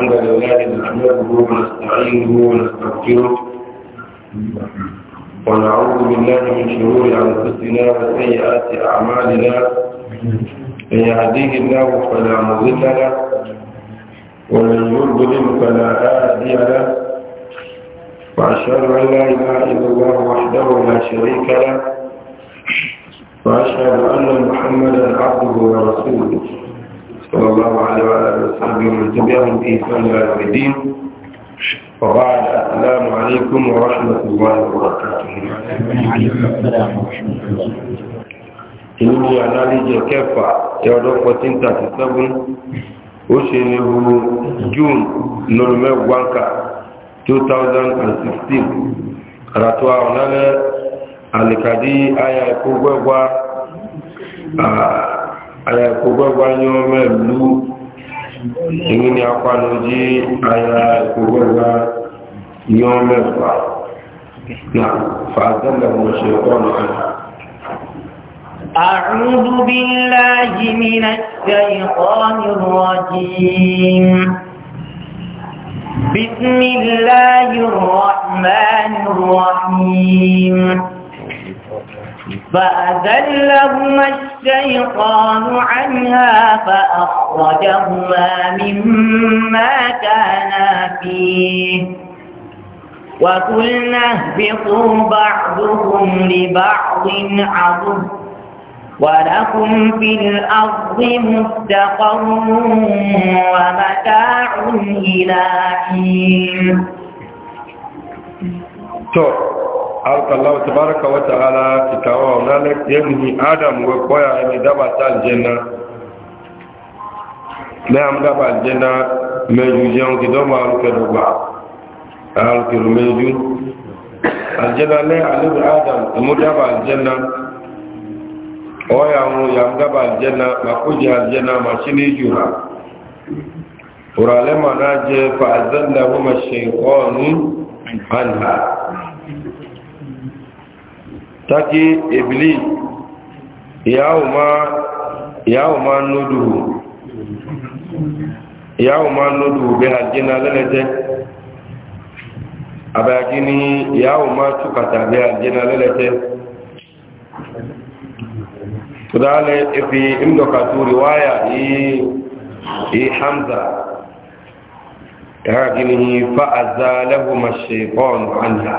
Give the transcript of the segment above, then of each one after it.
الحمد لله نحمده ونستعينه ونستغفره ونعوذ بالله من شرور انفسنا وسيئات اعمالنا من يهديه الله فلا مضل له ومن يظلم فلا هادي له واشهد ان لا اله الا الله وحده لا شريك له واشهد ان محمدا عبده ورسوله صلى الله عليه وآله وصحبه ومن تبعهم بإحسان إلى الدين وبعد السلام عليكم ورحمة الله وبركاته. Ìlú Aláríjẹ kẹfà ẹ̀ọdọ́ 1437, ó ṣe ní ohun June lórí mẹ́gbáǹkà 2016, راتوا àwọn alẹ́ àlìkàdí ayà ẹ̀kọ́ aya kò gbọ́gbà yọ mẹ́lú èyí ni apanojí aya kò gbọ́gbà yọ mẹ́fà na fàzẹ́lẹ̀ mọ̀ ṣe ọ̀nà ẹ̀ أعوذ بالله من الشيطان الرجيم بسم الله الرحمن الرحيم فأذلهما الشيطان عنها فأخرجهما مما كانا فيه وقلنا اهبطوا بعضكم لبعض عضو ولكم في الأرض مستقر ومتاع إلى حين alkallahu tabaraka wa ta'ala kikawa onale yemni adam we koya ni daba ta jenna me am daba jenna me ju jeon ki do maal ke do ba al ki me ju al jenna le al adam mu daba al jenna oya mu ya am daba al jenna ma ku je al jenna ma shini ju ha urale ma na je fa azallahu taki ibili yawo ma nuduhu yawo ma nuduhu bi aljina lelete abayaki ni yawo ma tukata bi aljina lelete tudale ifi imdokatu riwaya yi yi hamza yakini fa azalahu mashaitan anha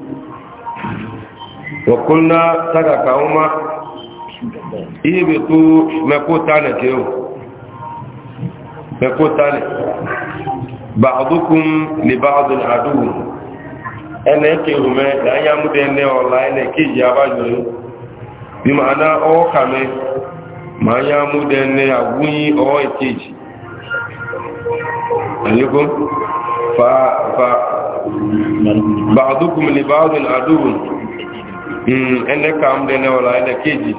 وقلنا تدك أمة اهبطوا مكوتان تيو مكوتان بعضكم لبعض العدو ẹnẹ kéwù mẹ ẹyà múdẹ ẹnẹ ọ̀la ẹnẹ kéjì abájọ yìí bí màá ná ọwọ́ ya mẹ màá yà múdẹ ẹnẹ àwúyín ọwọ́ ìkéjì ẹ̀yẹ́kọ́ ẹnẹ kàm dẹnẹ wọlá ẹnẹ kéjì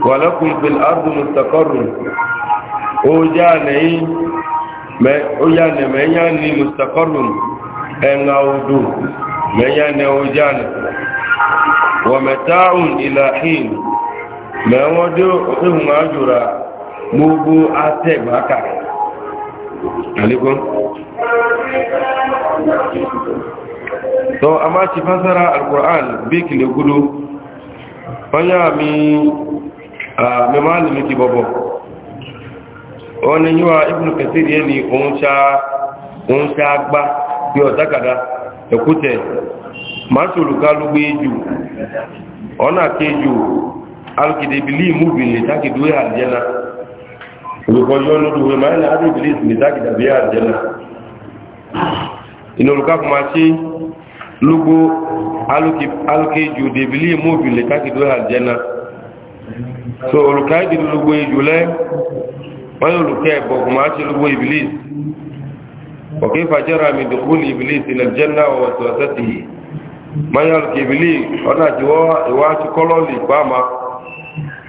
wàlẹ́kùn fìl ardùn mùsàkọ́rù ó yá nẹ mẹ́yà ní mùsàkọ́rù ẹ̀ngà odò mẹ́yà nẹ ó yá nẹ wọ̀mẹ̀táhùn ìlàhìn mẹ́wọ́n dé ohun àjòrà gbogbo atẹ́gbàkà to amma ci fasara alkur'an biki le gudu wanya mi a memali miki babo wani yiwa ibn kasir ya ni ohun sha agba bi otakada ekute masu lukalugbe ju ọna keju alkide bili mubi le takidu ya aljana olùkọ́ yọ́ lórí wẹ́ máa ní adébìlì ìsìnlẹ̀ tágìdàbí àjẹ́nà inú olùkọ́ kò máa ṣe lugo aluki aluki ju debili mu bi le ka ki do aljanna so oluka di lugo ju le wa oluka bo kuma ti lugo iblis wa kayfa jara min dukhul iblis ila aljanna wa waswasatihi ma yaluki iblis ona ti wo wa ti kololi pa ma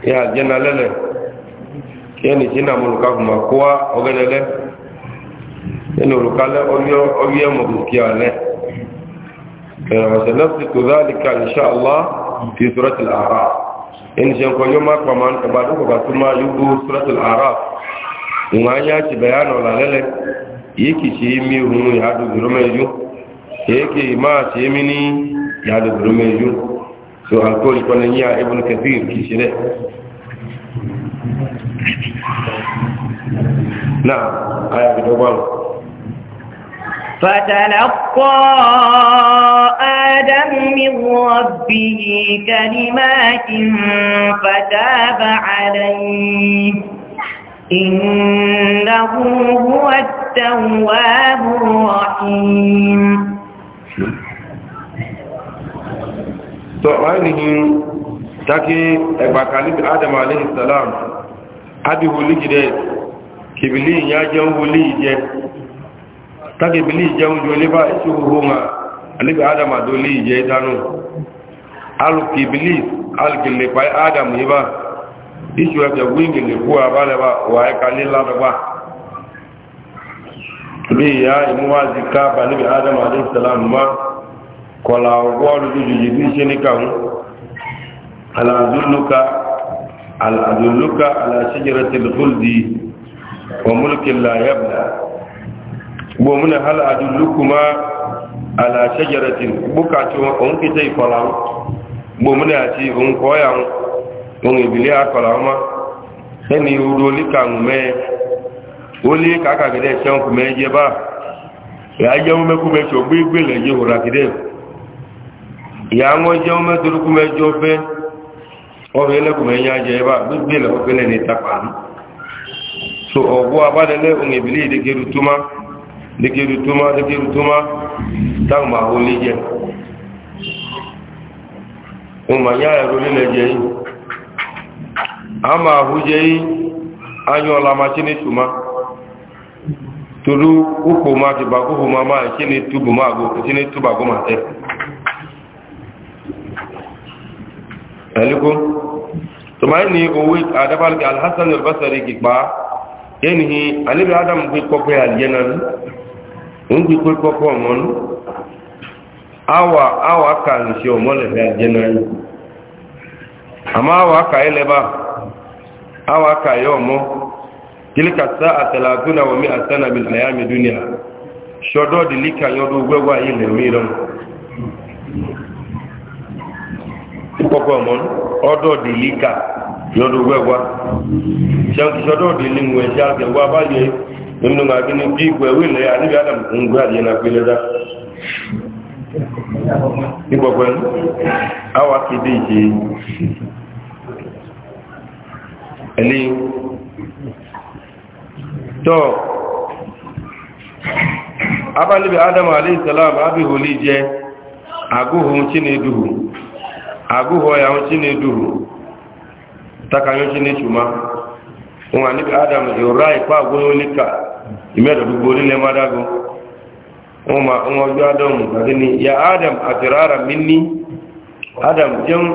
ya aljanna lele yani jina muluka kuma kwa ogelele yani oluka le oyo oyo mo ki ale وسنفسك ذلك إن شاء الله في سورة الأعراف إن شاء الله يوم أكبر كبارك وكما يقول سورة الأعراف وما يأتي بيان ولا للك يكي شيمي هنو يهدو برميجو يكي ما شيميني يهدو برميجو سو أقول لكم يا ابن كثير كي شره نعم آية بدوبالو فتلقى آدم من ربه كلمات فتاب عليه إنه هو التواب الرحيم tọ́wàáyìn takí ẹgbàkàlìbì adam aléhìsàlám adìhù lígidẹ̀ kìbìlì ìyá jẹ́ ń wulí ìjẹ́ take bili jawu jole ba su huma alibi adam adoli je tanu alu ki bili al ki le adam yiba isu ya wingi le kuwa bale ba wa ka ni la ba bi ya imuwazi ka ba ni adam alayhi salam ma kola wolu ju ju ni se ni kan ala adulluka ala adulluka ala shajaratil khuldi wa bo muna hal adullukuma ala shajaratin bukato on ki tay kolam bo muna on koyan on ibili akolama seni udo likan oli kaka gede seon je ba ya je mo me ku me so gbe le je hora kide ya mo je me duru ku o be le ya je ba gbe le o pe ni tapa so on ibili de dikiru tuma dikiru tuma tan ma wuli jɛ o ma nya yɛrɛ ni lɛ jɛ yi ma hu yi an yɔ ma sini tuma Tulu uko ma ti ba ma ma sini tubu ma go sini tuba go ma tɛ ɛliko tuma yi ni o wi al alhasan ki kikpa. yanihi alebi adam gbe kɔkɔ yɛ aliɛna nu ŋun kpe kɔkɔ ɔmɔ nu awa awa ka nsi ɔmɔ lɛ fɛ aliɛna yi ama awa ka yɛ lɛba awa ka yɛ ɔmɔ kele ka sa atala duna wa mi asana mi aya mi dunia sɔdɔ dili ka yɔ do wɛwɛ ayi lɛ mi lɛ mu kɔkɔ ɔmɔ nu ɔdɔ dili ka. yọdún gbẹ́gbá ṣọ́dún òdì ṣe àgbẹ̀gbá báyé nínú àti ní bí ìgbẹ̀ wílẹ̀ àníbí adam na pé lẹ́dá ìgbọ̀gbẹ̀ àwà ti dé ìṣe ẹni tọ́ abánibí adam aleyhisselam ụgbọ jẹ agúhun chinedu takanyoci ne cuma kuma ni adam yora ipa golo nika ime da gbogbo nílẹ̀ má dágó wọn ma ń ọjọ́ adamu kàdé ni ya adam àtìrára mi ní adam jẹun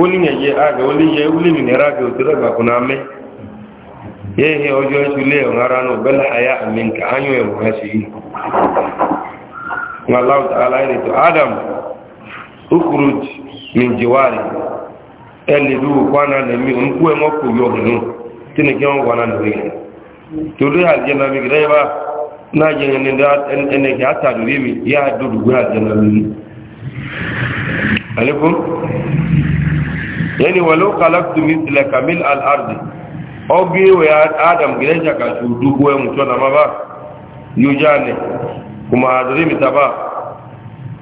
ó ní ẹ̀yẹ àgbẹ̀ ó lè yẹ ó lè nìyẹra àgbẹ̀ ó ti rẹ̀ gbàkún náà mẹ́ yéhe ọjọ́ ẹ̀ṣù lé ọ̀hún ara náà bẹ́lá àyà àmì nǹkan áyún ẹ̀wọ̀n ẹ̀ṣù yìí wọn aláwọ̀ tààlà ẹ̀rẹ̀ tó adam ukuruj min jiwari ẹlẹ́dù kwana lẹ́mí nkú ẹ̀ mọ́kò yọ ọ̀hún tí ni kí wọ́n wà náà lórí rẹ̀ torí àjẹnà mi gẹ́gẹ́ bá náà jẹ́ ẹni kí á tàdù rí mi yá àdúrú gbé àjẹnà lórí. alẹ́kùn yẹni wà ló kàlákùtù mi kamil al-ardi ọgbẹ́ ìwẹ̀ adam gẹ́gẹ́ ṣàkàṣù dúgbò ẹ̀mùtọ́ nàmá bá yóò já kùmà àdúrí mi tàbá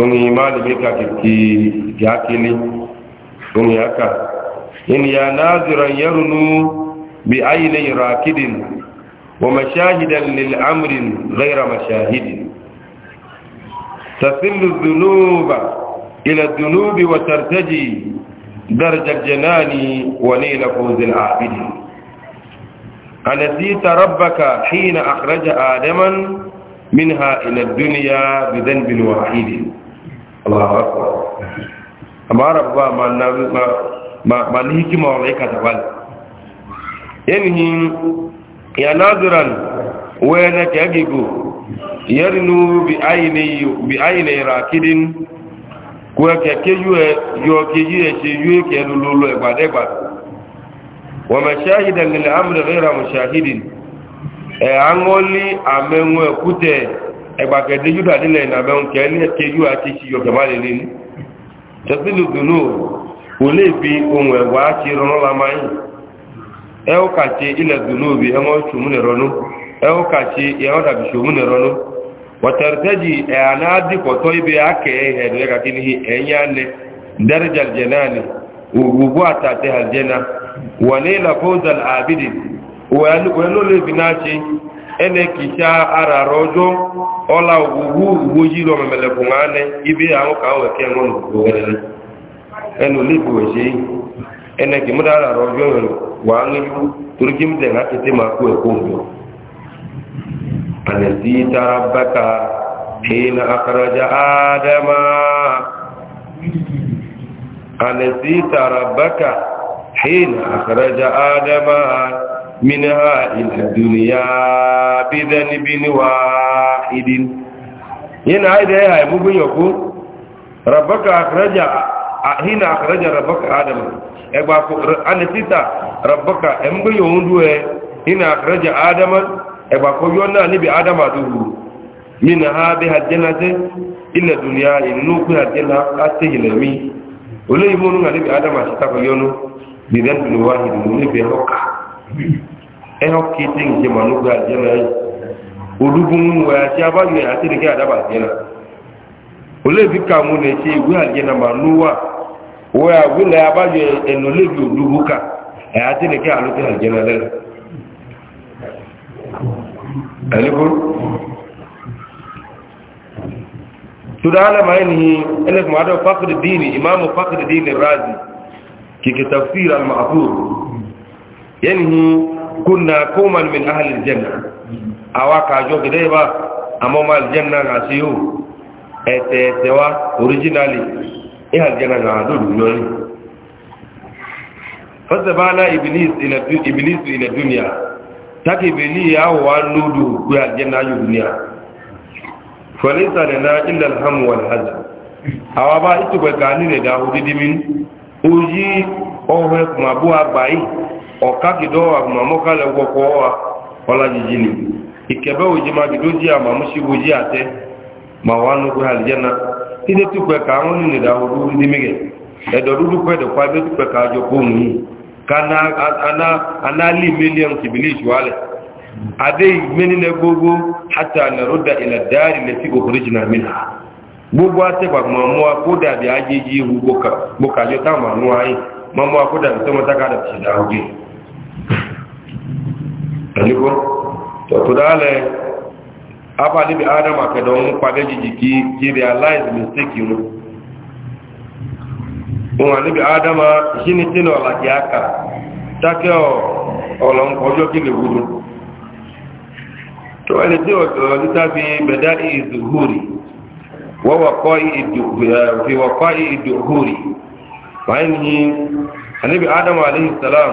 ongi malimi ka ki yakili ongi aka in ya naziran yarnu bi ayni rakidin wa mashahidan lil amrin ghayra mashahidin tasillu dhunuba ila dhunubi wa tartaji درجة الجنان ونيل فوز العابدين أنسيت ربك حين أخرج آدما منها إلى الدنيا بذنب واحد Allahu akbar amara ba ma na ma ma ni hikima wa ka tabal yanhi ya naziran wa na kagigo yarnu bi ayni bi ayni rakidin ko ke ke yue yo ke yue che yue ke lulu e gbade gba wa mashahidan lil amri ghayra mushahidin e angoli amenwe kute ẹgbàkẹ̀dé júdà nílẹ̀ ìnàbẹ̀un kẹ́ ní ẹ̀kẹ́jú àti ṣíyọ̀ kẹmàlẹ̀ lẹ́ni tẹ̀sílù dùnú ò lè fi ohun ẹ̀wà ti rọrọ lamáyìn ẹ ó kà ṣe ilẹ̀ dùnú bí ẹmọ́ ṣòmúnẹ̀ rọnú ẹ ó kà ṣe ẹmọ́ dàbí ṣòmúnẹ̀ rọnú wọ̀tẹ̀rẹ̀tẹ́jì ẹ̀hàná dìkọ̀tọ́ ibi akẹ́ ẹ̀rẹ̀ kàkiri ẹ̀yìn alẹ́ dẹ́rẹ́jà jẹ̀náàlì gbogbo àtàtẹ̀ àjẹ́na wọ̀n ní ìlàfóòzà àbídì òwẹ́lólè fi náà ṣe ene kicha ara rojo ola ugu ugu yilo memele kungane ibe awo ka we ke eno libu weji ene kimuda ara rojo wangi turki mde ngati tema ku e kungo anasi tarabaka hina akhraja adama anasi tarabaka hina منها إلى الدنيا بذنب واحد ين عيد هي ممكن يكون ربك أخرج حين أخرج ربك آدم أباكو أنا تيتا ربك أمبي يوندو حين أخرج آدم أباكو يونا نبي آدم أدوه منها بها الجنة إلى الدنيا إنه كنا الجنة أتهلمي ولي يمونون نبي آدم أشتاق يونو بذنب واحد نبي هوكا ẹ̀họ́ kéde ń jẹ mọ̀núgbà jẹ́nà yìí olúgun wẹ̀ àti abáyọ̀ àti ìrìnkẹ́ àdábà jẹ́nà olóòbí kàmú ní ṣe ìwé àjẹnà mànúwà wẹ̀ àwílẹ̀ abáyọ̀ ẹ̀nà olóòbí olúgun kà ẹ̀ àti ìrìnkẹ́ àlùkẹ́ àjẹnà lẹ́nu ẹ̀lẹ́kọ́ tó dá alẹ́mà ẹni ẹlẹ́kùn adọ́ fákìrì dínì ìmáàmù fákìrì dínì ráàzì kìkì tafsir al-ma'thur kunna qauman min ahli aljanna awaka jo gide ba amoma aljanna ga siyo ete tewa originally e aljanna ga do do yo ni fasabana iblis ila iblis ila dunya taki bili ya wa nudu ọ̀kágidọ́ àgbàmọ́kálẹ̀ wọ́kọ́ wa ọlájìjì ni ìkẹ̀bẹ́ òjì máa gidó jí àmàmúṣíwò jí àtẹ́ ma wà nùgbé àlìjẹ́nà tí ní túpẹ́ ká wọ́n ní nìdá ọdún ní mẹ́gẹ̀ ẹ̀dọ̀ dúdú pẹ́ẹ̀dọ̀pá ẹgbẹ́ túpẹ́ ká jọ kóhùn yìí ká anáàlì mílíọ̀nù tìbílì ìṣúwálẹ̀ adé ìgbénilẹ̀ gbogbo àti ànàrúdà ìlàdáàrí lẹ́tí òkúrìjìnà mìíràn gbogbo àtẹ́gbàgbọ́n mọ́ akódàbí ajéjì gbogbo kàjọ táwọn àwọn àyè mọ́ mọ́ akódàbí tọ́mọ́tàkàdà ṣẹ̀dá ogun ẹ̀lẹ́kọ́ tọ̀tọ̀dálẹ̀ abá níbi adam àkẹ́dọ̀ ń padẹ́ jìjì kí kí realize mistake rú ohun àníbi adam ṣí ní tí ní ọ̀làjì aka tákẹ́ ọ̀lọ́ ọjọ́ kí lè wúrú tó ẹni tí ọ̀lítà fi bẹ̀dá ìdùhúrì wọ́n wọ̀kọ́ ìdùhúrì wáyé ní àníbi adam alayhi salam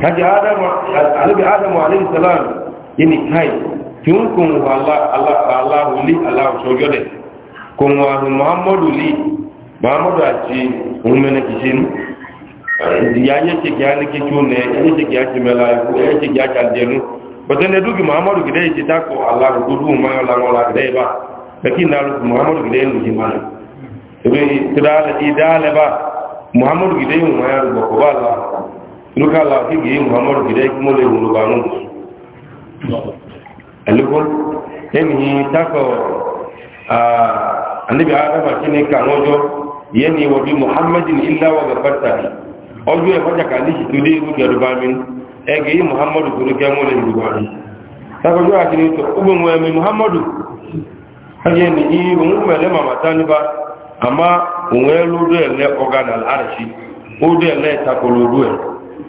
kaji adamu alibi adamu alayhi salam yini kai tun kun wala allah allah li allah so jode kun wa muhammadu li muhammadu aji umene kishin ya ye ke gani ke tune ye ke ya ke mela ye ke ya ka denu botene duki muhammadu gide ji ta ko allah du du ma la wala gide ba lakin na muhammadu gide ni ji mana to be tidala idale ba muhammadu gide mu ya ko ba allah nuka la ki gi muhammadu gida ki mo le wulu ba tako a annabi adam kini yeni wa bi muhammadin illa wa ghafarta ojo e hoja kan ni tudi ku gadu ba min e gi muhammadu guru ke mo le ba muhammadu ni i mama ba amma onwe lu arshi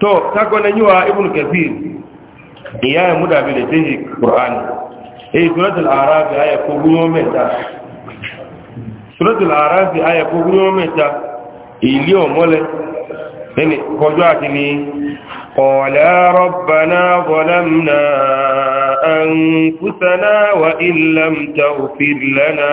to tako na yiwa ibn kafir iya ya muda bi da tehi qur'ani eh suratul a'raf aya ko gumo meta suratul a'raf aya ko gumo meta ili omole nini kojo ati wa illam taghfir lana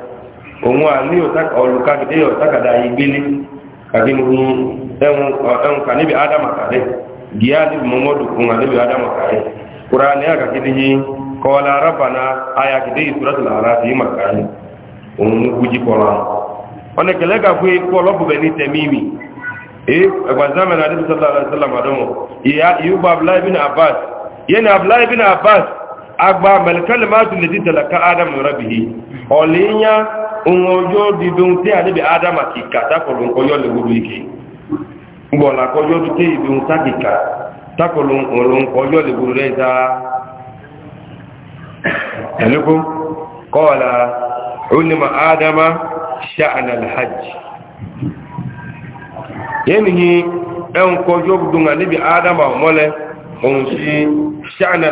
òun à ní olùkàgídé ọ̀tàkàdá igbélé kàgé ní ẹ̀hún kà níbi ádámà kàlẹ̀ gíà níbi mọ́mọ́dù fún wa níbi ádámà kàlẹ̀ kúrò ní àgàgídé yìí kọ́ọ̀lá arábàná ayàgídé ìsúrẹ́tì làárá sí mà kàlẹ̀ òun ní kújí kọ́ra ọ̀nà kẹlẹ́ kà fún ikú ọlọ́bùbẹ̀ ní tẹ̀míìmì ẹgbàzámẹ̀ náà agba malkalimatu lati talaka adam ti anibi adam akika takolu nkoyo legudu ike ngbola koyo a takika takolu nkoyo legudu reza eluko qala ulima adama sha'na alhajj yenihi en koyo didun anibi adam amole onsi sha'na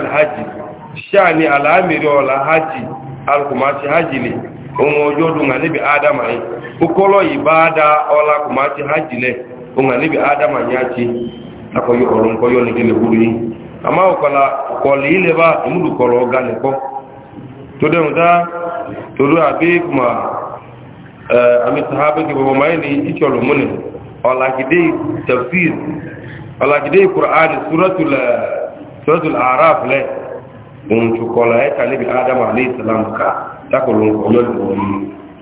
shani alamiri ọla hajji alkumaci hajji ne ohun ọjọ́ dùn àníbi adama yìí kúkọ́lọ̀ ìbáadá ọlá kùmáci hajji lẹ ohun àníbi adama yìí àti akọ̀yọ ọ̀rọ̀ nkọ́yọ ní kílẹ̀ wúrú yìí àmá ọ̀kọ̀lá kọ̀lì ilẹ̀ bá ìmúdù kọ̀lọ̀ ọ̀gá nìkọ́ tó dẹ̀rùn dá torú àbí kùmà àmì sàhábẹ́ kí bọ̀bọ̀ máa ní ìṣọ̀lù múnẹ̀ ọ̀làgídé tafsir ọ̀làgídé kùrán eh, suratul araf lẹ́ẹ̀ ntukɔla ɛka eh, nebi adam aleisalam ka takolo nkɔyɔ lori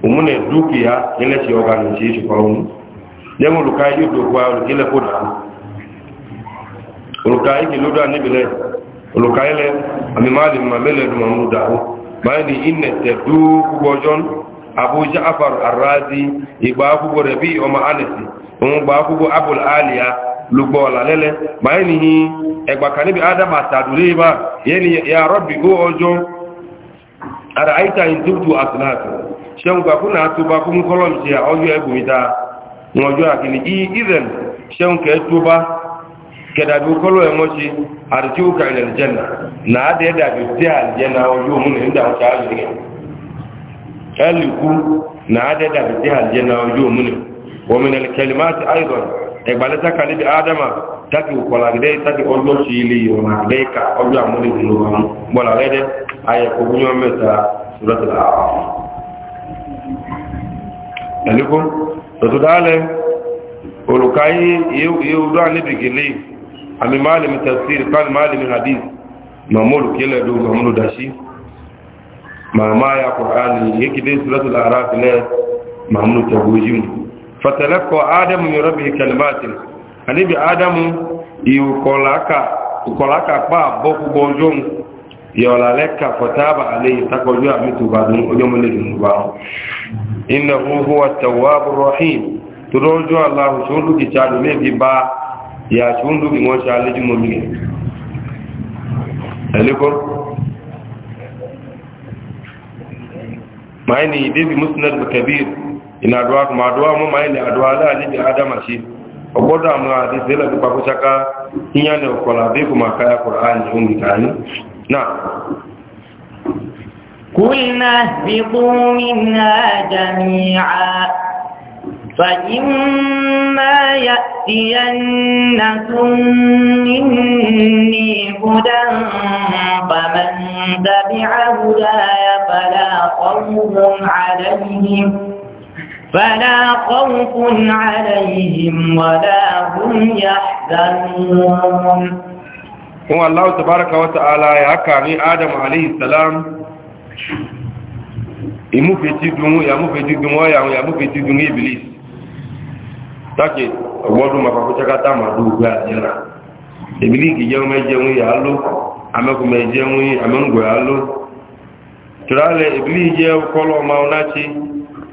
omuna dukiya ilẹsi ɔga nìtsi tukɔlu yẹmu luka yi dokua oluki lɛ kó dàn oluka yi kele do anibi lɛ oluka yi lɛ ami maa ma mele do mu o ni duu abu jaafar arazi igba ɔma gba abul aliya. lugbo ọ̀la lẹ́lẹ́ báyìí nìyí ẹgbà kan níbi adam àtàdúrí bá yẹn ni ya rọ́bì ó ọjọ́ ara àìta ìtútù àtúnáàtù ṣeun kàkún náà tó bá kún kọ́lọ̀ ṣe ọjọ́ ẹgbùn ìta wọn ọjọ́ àkìlì ìrẹ̀n ṣeun kẹ́ tó bá kẹdàbí kọ́lọ̀ ẹ̀wọ́n ṣe àrùtí ó kàrẹ̀ àlìjẹ́nà náà dẹ́ dàbí tẹ́ àlìjẹ́nà ọjọ́ òun ní ìdá ọ̀ṣà àlìjẹ́ ẹlùkú náà ẹgbàlẹ́ sáka níbi ádámà tàbí òkọ̀làgídẹ́ tàbí ọjọ́ sí ilé ìrọ̀nà lẹ́ẹ̀ka ọjọ́ àmúlẹ̀ ìlú ọmọ bọ́lá rẹ́dẹ́ ayẹ̀kọ́ fún yọ mẹ́ta sọ́dọ̀tàlá àwọn ẹ̀lẹ́kọ́ tọ̀tọ̀ dálẹ̀ olùkáyé yóò níbi gèlè àmì máàlìmì tafsir pàlì máàlìmì hadith mahmoud kílẹ̀dù mahmoud dashi màmá ya kùránì yékìdé sọ́dọ̀tàlá aráfilẹ̀ mahmoud tabujimu فتلقى آدم من ربه كلمات النبي آدم يقولك يقولك با بوك بوجون يولا لك فتاب عليه تقول يا متوبا يوم الليل إنه هو التواب الرحيم تروجو الله شوندو كي تشادو مي با يا شوندو كي موشا لجي مومي عليكم ما يعني دي مسند كبير ina addu'a kuma addu'a mu mai ne addu'a la ni bi adama shi ogoda mu adi zela ku pa kuchaka inya ne okola be kuma kaya qur'ani umi tani na قلنا اهبطوا منها جميعا فإما فلا خوف عليهم ولا هم يحزنون هو الله تبارك وتعالى يا كامي آدم عليه السلام imufeti dunu ya mufeti dunu ya ya mufeti dunu iblis take wodu ma ko taka ta ma du ga jira iblis ki jeun me jeun ya lo ameku me jeun ya lo turale iblis je ko lo ma onachi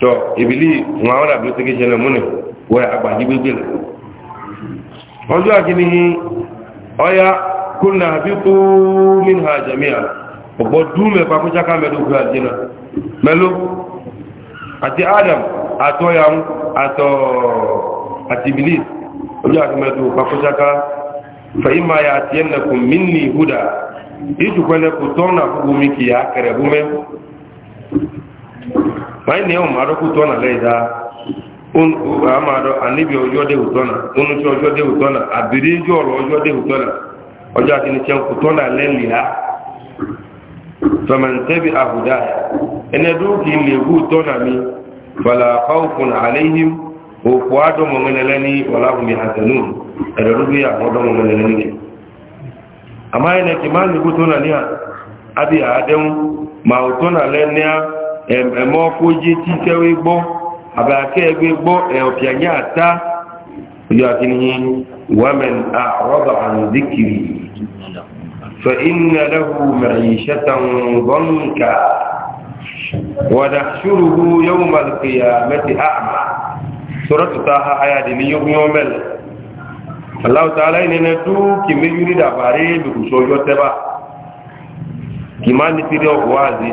tɔ ebili ŋmaa wọn dàbí sege sẹlẹ múni wọ agbadzi gbégbé la ọjọ akini ọya kúnna àbí kú mímu ha jamiya ọgbọ dùn mẹ kó akótsaka mẹ ló gbé àti náà mẹló àti adam àtọ yàwó àtọ àti ibili ọjọ akini mẹ ló kó akótsaka fẹyìn máa yà àti ẹnẹkùn mí ní ìhúdà ìtukọ ẹnẹkùn tọ́nà fúnmi kìí akẹrẹ bùmẹ bayi ne o maado ku tɔna lɛ da un uh, a uh, anibi ɔjɔ de o tɔna unuti ɔjɔ de o tɔna abiri jɔ lɔ ɔjɔ de o tɔna ɔjɔ akini tiɲɛ ku tɔna lɛ lia famantabi ahuda ɛnɛ du k'i le ku tɔna mi fala kawfun na o kuwa dɔ mɔŋɛnɛ lɛ ni wala kun bi hasanu ɛdɔdu bi a mɔ dɔ mɔŋɛnɛ lɛ ni ama yɛnɛ k'i ma le ku tɔna nia abi a dɛmu ma o tɔna lɛ ẹmọ kójí títẹ́wé gbọ́ àbákẹ́gbé gbọ́ ẹ̀ọ̀pì àyẹ́ àtá ìjọ àti ní wàmẹ̀n àrọ́bà àǹdíkìrì fẹ́ iná lẹ́hù mẹ̀rin ṣẹ́tàun gọ́nkà wàdà ṣúrùhù yóò malùkìyà mẹ́tì àmà sọ́rọ̀ tuta ha ayàdì ní yóò yóò mẹ́lẹ̀ aláwọ̀ta aláìnẹ́nẹ́ dúkì méjì ní dàbàrí lùkùsọ̀ yọ tẹ́bà kì má ní tìrẹ ọ̀wọ́ àzẹ́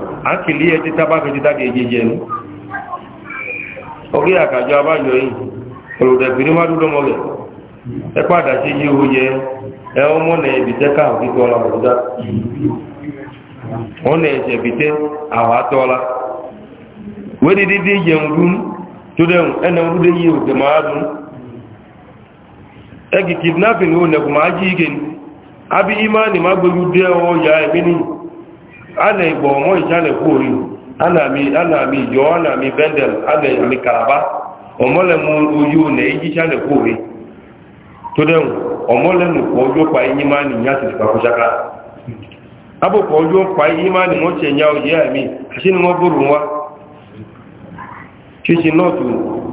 àkìlí ẹ títà bá fi títà kìí jẹjẹ ní orí àkàjọ abájọ yìí olùdẹ̀bì ní ẹ padà sí yí yẹ ẹ ọmọ náà ẹbìtẹ́ káà kíkọ́ ọla òkúta wọn náà ẹsẹ̀ ẹbìtẹ́ àwọn dídí dún tó dẹ̀ ọdún dé yí máa dún ẹ kìkì náà fi ní máa jí ike má gbẹ́jú dé ọ ana igbo ọmọ ìjà lè kú orí ana mi yọ ana mi bendel ana mi karaba ọmọlẹ́mú ojú ọ̀nà na iji kú orí tó dẹ̀wọ̀n ọmọlẹ́mú pọ̀ ojú pa ẹyí máa ní ìyá tìtìpà kó ṣaká abòpọ̀ ojú pa ẹyí máa ní wọ́n ṣẹ̀yà òye àmì àṣí ni wọ́n bòrò wá ṣíṣe nọ́ọ̀tù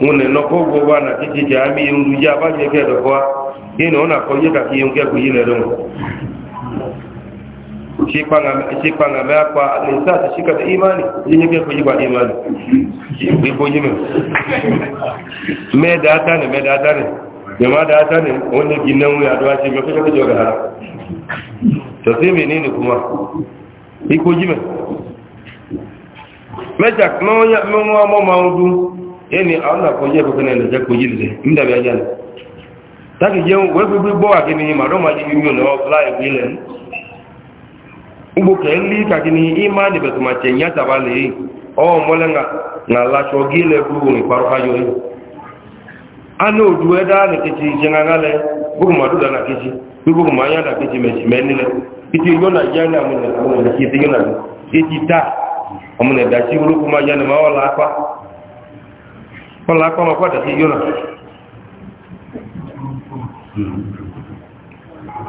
wọn lè lọ kọ́ gbogbo àná títí jẹ́ àmì irun jẹ́ abájẹ́ wa ni nà kàkí ṣíkpàlà mẹ́àpá lèṣà àti ṣíkàtà ìmáni yíyẹ́gẹ́ fún yígbà ìmáni gbígbó yímẹ̀ mẹ́ẹ̀dáátánì mẹ́ẹ̀dáátánì yẹ̀mádáátánì ó ní gí náwó àdúrà ṣe mẹ́ fẹ́kẹ́ jọ gàrà tọ̀sími ní ní kuma gbígbó yímẹ̀ mẹ́jà mẹ́wọ́n mọ́ máa ń dún ẹni àwọn àkọjẹ́ ìfẹ́fẹ́ náà lẹ́jẹ́ kò yílẹ̀ nígbàbí ajá ni táàkì jẹun wẹ́gbẹ́gbẹ́ bọ́ àkínní màdọ́mà yìí yíyọ̀ lọ́wọ́ láì wílẹ̀ ní ngbo kẹ́lí kàkíní ìmá níbẹ̀ tó máa tẹ̀ ní àtàbà lè yìí ọwọ́ mọ́lẹ́ ńà láṣọ gílẹ̀ gbogbo ní parọ́ ayọ́ yìí a ní òdu ẹ̀dá ní kejì ìjẹngangá lẹ gbogbo máa dúdà náà kejì gbogbo máa yá náà kejì mẹ̀sì mẹ́ni lẹ ìtì yóò náà yá ní àmúnẹ̀ kí ètè yóò náà ètì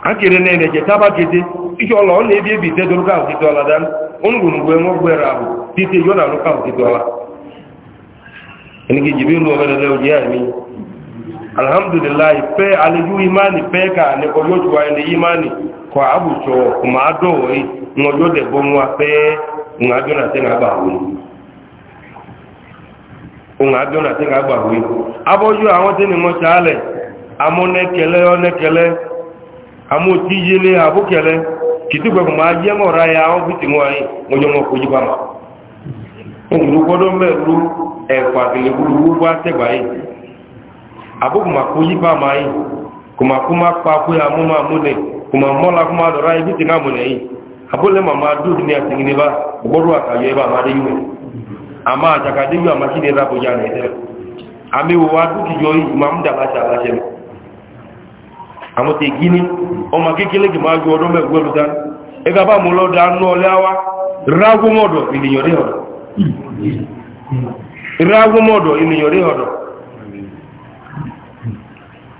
akere na eneke taba kete ihe ọla ọ na-ebi ebi ite doro ka okete ọla dan onugbu mgbe nwa gbere ahụ tite yo na alụka okete ọla eneke jibe nụ omere leo ji ya emi alhamdulillah pe aliju imani pe ka ne oyo anyị ne imani ko abucho kuma ado oi ngojo de bonwa pe ngajo na tenga ba hu ngajo na tenga ba hu aboju awon teni mo chale amone ọ one kele amóti yele abókẹlẹ abụ máa yẹ́ mọ̀ ra ya wọ́n fi ti wọ́n ayé wọ́n yọ wọn kojú ma òun ló gbọ́dọ̀ mẹ́rú ẹ̀fà àtìlẹ̀ gbúrú gbogbo àtẹ̀gbà yìí abókùn máa kojú ma yìí kò máa kó máa pa pé amú máa múlẹ̀ kò máa mọ́la kó máa dọ̀ra ibi tí ma àwọn tè gíní ọmọ kékeré kì máa ju ọdún mẹ́gbẹ́ olùta ẹgbà bá mú lọ́dọ̀ anú ọlẹ́ àwá rágúnmọ́dọ̀ ènìyàn rí ọ̀dọ̀ rágúnmọ́dọ̀ ènìyàn rí ọ̀dọ̀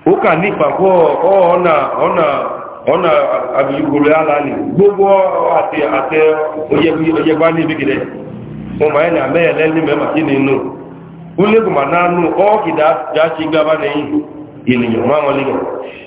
ó kà ní ìpàkọ́ ọ̀nà ọ̀nà ọ̀nà àbíyúgbòrò aláàlì gbogbo àti àtẹ oyẹgbá ní ibi kìdẹ wọn máa ní àmẹ́yẹlẹ́ ní mẹ́mà sí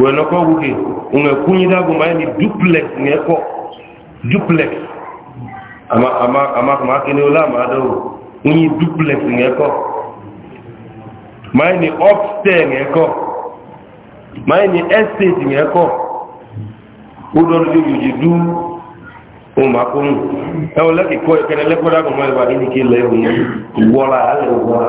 Were nọkọ ọgwụ gị onwe kwunyere agụ ni duplex na duplex Ama ama ama adọghị Unyi duplex na-ekọ ma ni upstair na-ekọ ma ni estate na-ekọ ụdọrụ dị du a ịnike ile ụgbọla ala ụgbọla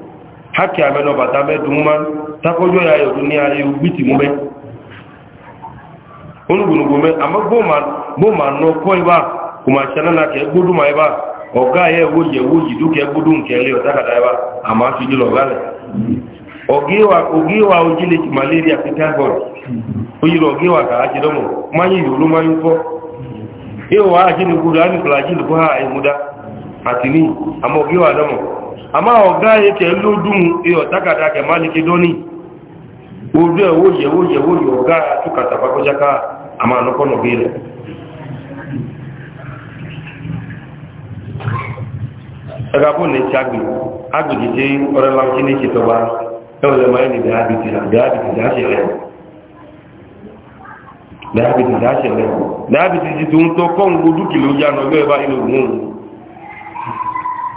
haki ameno bata be dumuman takojo ya yo dunia yo biti mumbe onu gunu gume ama boma boma no koi ba kuma chana na ke gudu mai ba oga ye woje woji duke gudu nke le otaka da ba ama su jilo gale ogiwa ogiwa ojile ti malaria pitagor oyiro ogiwa ka aji domo manyi yulu manyi ko ewa muda atini ama ogiwa domo àmá ọ̀gá ẹkẹ lódún ẹyọ̀ tákàtàkẹ má ní kí dọ́ní ojú ẹ̀wó yẹ̀wó yẹ̀wó yọ̀ ọ̀gá àtúkàtà pàkójáká àmá ànọ́kọ́nà bí rẹ̀ ẹgbàbó ní ti agbè agbègbè tí ọ̀rẹ́ máa kí ní ìṣètọ́ba ẹwọ̀lẹ́ máa ní dáàbìtì dáàbìtì dáṣẹ̀lẹ̀ dáàbìtì ti tó ń tọ́ kọ́ ń gbódúkìlójá náà lọ́ẹ̀bá inú òun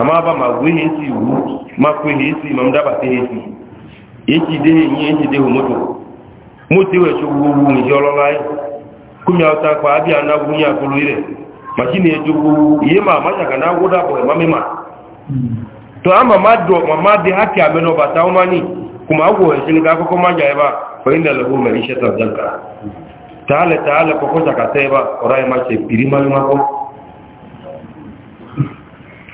àmọ́ bá máa wé èsì wú máa pé èsì máa ń dábàá sí èsì èsì dé èyí èsì dé òmòtò mọ́tò ẹ̀ṣọ́ wúwo ìyá ọlọ́lá ẹ̀ kúmi àwọta pa ábí anáwó ní àkọlù rẹ̀ màṣínì ẹ̀ṣọ́ wúwo ìyé máa má ṣàkà náà wó dàbọ̀ ẹ̀ má mímà tó a máa dọ̀ máa dé hákì àmẹ́nà bàtà ọmọ ní kò máa wọ̀ ẹ̀ṣẹ́ ní kákọ́kọ́ má jà ẹ̀ bá fẹ́yìn dàlẹ́ fún mẹ́rin iṣẹ́ tàbí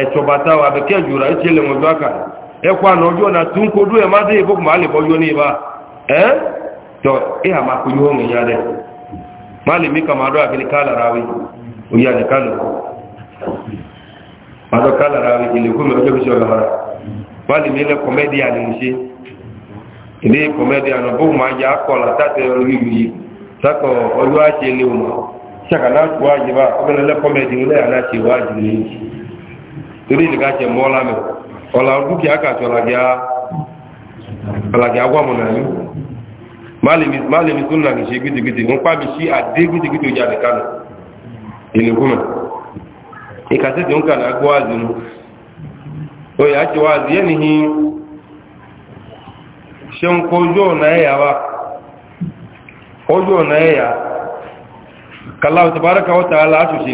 ẹ̀tọ̀bàtà wà bẹ̀kẹ́ jùra ẹ̀ ụra wọn jọ́ka ẹkọ àná ọjọ́ na tún kó dúró ẹ̀ má dé ìbò máa lè bọ́ yọ ní ibà ẹ́ tọ́ ẹ̀ àmà kò yóò rìn ya rẹ̀ má lè mí kàmádọ́ àbíní kálàráwí oyè àdìkálò mádọ́ kálàráwí ilé gómìnà ọjọ́ ọrụ ha má lè mí lẹ́ kọ́mẹ́dì àníṣe ilé kọ́mẹ́dì máa yà kọ́ torí ìdíkà jẹ mọ́ lámẹ̀ ọ̀là dúkìá kàtọ̀ alàgbà agbámọ̀ náà yìí má lè mi súnà ní ṣe gbìtìgbìtì ń pàbí sí àdé gbìtìgbìtì ojú àdìkà nù ìlúkúnmẹ̀ ìkàtẹ́tì ń kà ní agbóhàzì nù oyè àti wáàzì yẹn nìyí ṣe ń kọ ojú ọ̀nà ẹ̀yà wa ojú ọ̀nà ẹ̀yà kàláwọ̀ tàbárakà wọ́ta aláàtúnṣe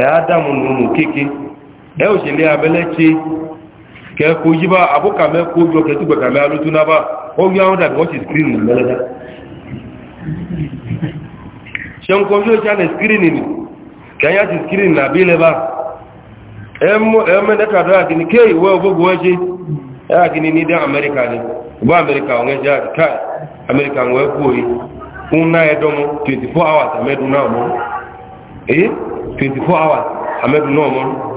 ẹ̀ ádámù nù kéèkéè ẹ ò ṣèlé abẹ́lẹ́ṣe kẹ́ẹ̀kọ́ yí abúkàmẹ́ kó jọ kẹtùgbẹ̀kàmẹ́ alótú náà bá ó yá ọ́dà bí wọ́n ṣe skírínì ṣe ń kọ́ yóò ṣàlẹ̀ skírínì nì kẹ́yà ti skírínì nàbí lẹ́bà ẹmẹ́dẹ́kàdọ́ 24 hours náà mọ́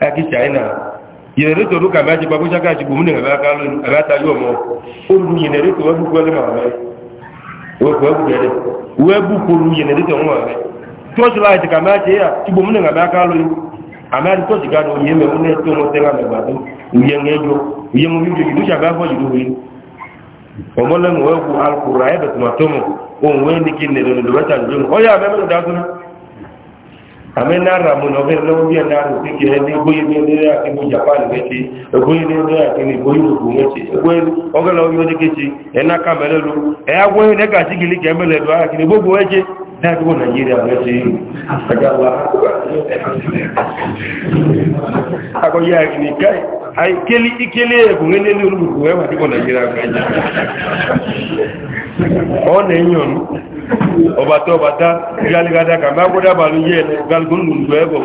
aki china jenereto ruka maji babu chaka chibu mune ngaba kalu abata yomo uru jenereto wabu kwale mawe webu webu gele webu kuru jenereto mwawe torch light kamaje ya chibu mune ngaba kalu amari ko sigado yeme une to mo tenga ngaba tu uyengejo uyemu bibi kidusha bafo jiduwe omola ngwebu àmì náírà mo lọ bẹ́ẹ̀ lọ́wọ́ bí ẹ̀ náírà sí kí ẹni japan méjì gbóyè ní ẹni àti ní gbóyè ògùn méjì gbóyè ọgọ́lọ́wọ́ yóò ní kéjì ẹ̀ ga kàmẹ́lẹ́lu ẹ̀ agbóyè nẹ́gàjì gbogbo ẹ̀jẹ̀ dájúwọ̀ nàìjíríà lọ́sí àgbàwà àkọyà ìrìnká àìkélé ìkélé ẹ̀gùn nílé ní olùgbò ẹwà dípọ̀ nàìjíríà gbájá ọ̀nà èèyàn ọba tó ọba tá gálígádá kàmá gbọ́dá bàlú yẹ́ gálgún lùlù ẹgbọ̀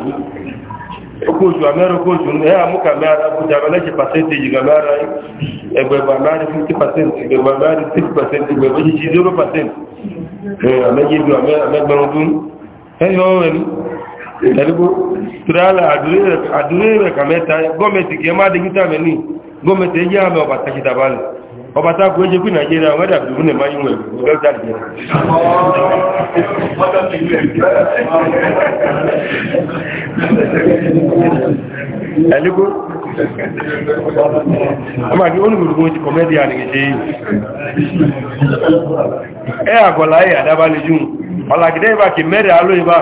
okoòtù amẹ́rẹ́ okoòtù ẹ àmúkà mẹ́ra kúta mẹ́lẹ́ṣẹ́ pàṣẹ́ntì gbẹ̀gbẹ̀ mẹ́rin 50 pàṣẹ́ntì gbẹ̀gbẹ̀ mẹ́rin 6 pàṣẹ́ntì gbẹ̀gbẹ̀ 0 pàṣẹ́ntì àmẹ́jẹ́dù eh, àmẹ́gbẹ̀rúndún ẹni ọmọ ẹni ẹ̀lúgbó tíráàlà àdúré rẹ̀ kàmẹ́ta gọ́ọ̀mẹ̀tì kí ẹ máa dégítà mẹ́ni gọ́ọ̀mẹ̀tì ẹjẹ́ àmẹ́ ọbàtà ṣìtàbálẹ̀ ọbàtà kò ẹjẹ́ pí nàìjíríà wẹ́dà bí wọ́n lè máa yíwọ̀ ẹ̀lúgbó ama ni olùgbòrògbò ti kọmẹ́dì àrìnṣẹ́ ẹ àgọ́lá ẹ̀ àdábálẹ̀ jùn ọ̀làgídẹ́ ìbá kì mẹ́rẹ̀ alóyìnbá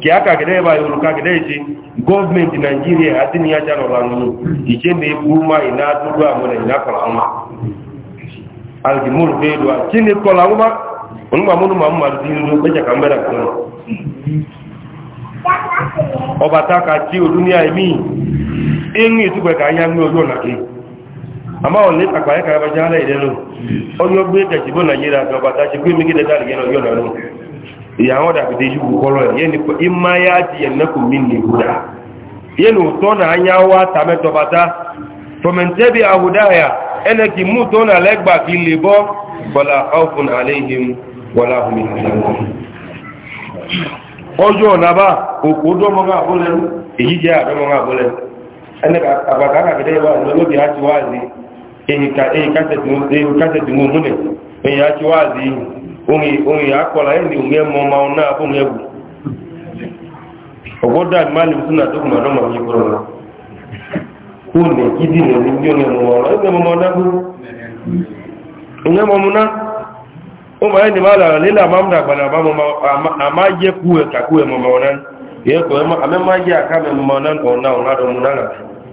kì ákàgídẹ́ ìbá yorùkàgídẹ́ ìṣẹ́ gọ́ọ̀mẹ́ntì nàìjíríà àti ní ajá lọ́la nínú ìṣẹ́ ní ikú má ìná dúdú àwọn ìná kọ̀lá wọn alìmúlù bẹ́ẹ̀ lọ́wọ́ kí ni kọ̀lá wọn onígbàmúnú màmú àdúgbò pẹ́jàkà mẹ́rẹ̀ kan ọba táka tí olúmíà ìmí enyi tukwe ka anya ngbe ojo na ke ama o le ya ka ba jala ide lo o na yira do bata ji gbe mi gide dal ge no yo na ya o da gide ju ya lo ye ya ya ti yanakum Ya na anya wa ta me to bata to bi ene ki mu to na legba ki na ba okodo mo ga bole ẹni àbàkánà gẹ́gẹ́ wà lọ́lọ́bì á ti wáàzí èyí kásẹ̀tì mú múlẹ̀ èyí á ti wáàzí ohun ìyàkọ́lá ẹni òun ẹmọ ọmọ náà fún ẹbù ọgbọ́dọ̀ àmàlì fún àdókùnmọ̀ náà mọ̀ yíkọ́ rọ̀ kú ní kídì ní ẹni bí ọmọ ọmọ ẹni ọmọ náà fún ẹni ọmọ ọmọ náà ó máa ẹni máa làrá lílà máa ń dàgbàdà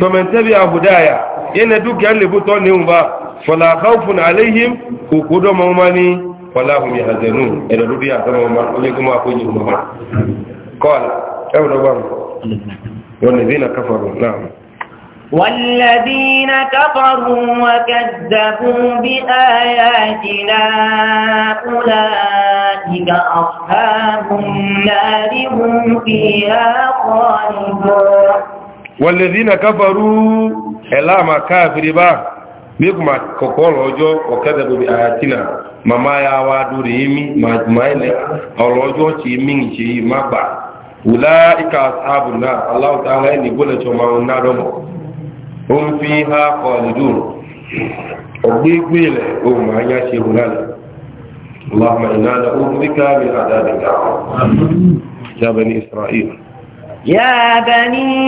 tọmẹntẹbi ahudaya yẹn dúkìá lè bútọ níhùn bá fọlá káwùfún aléhìm òkú dọmọ ọmọ ní fọlá ahùn yàzẹnù ẹ̀rọ lórí àtọmọ ọmọ onígbọmọ akóyìn ọmọ kọ́ọ̀lá ẹ̀rọ bá wọn níbi na káfàrọ̀ náà والذين كفروا وكذبوا بآياتنا أولئك أصحاب النار هم فيها خالدون والذين كفروا الا ما كافر با بكما كقول اوجو وكذبوا بآياتنا مما يا وادوريمي ما مايل اوجو تي مين تي ما با اولئك اصحاب النار الله تعالى يقول لهم النار هم فيها خالدون وبيقول هم يا شيخ اللهم انا نعوذ بك من عذاب النار يا بني اسرائيل يا بني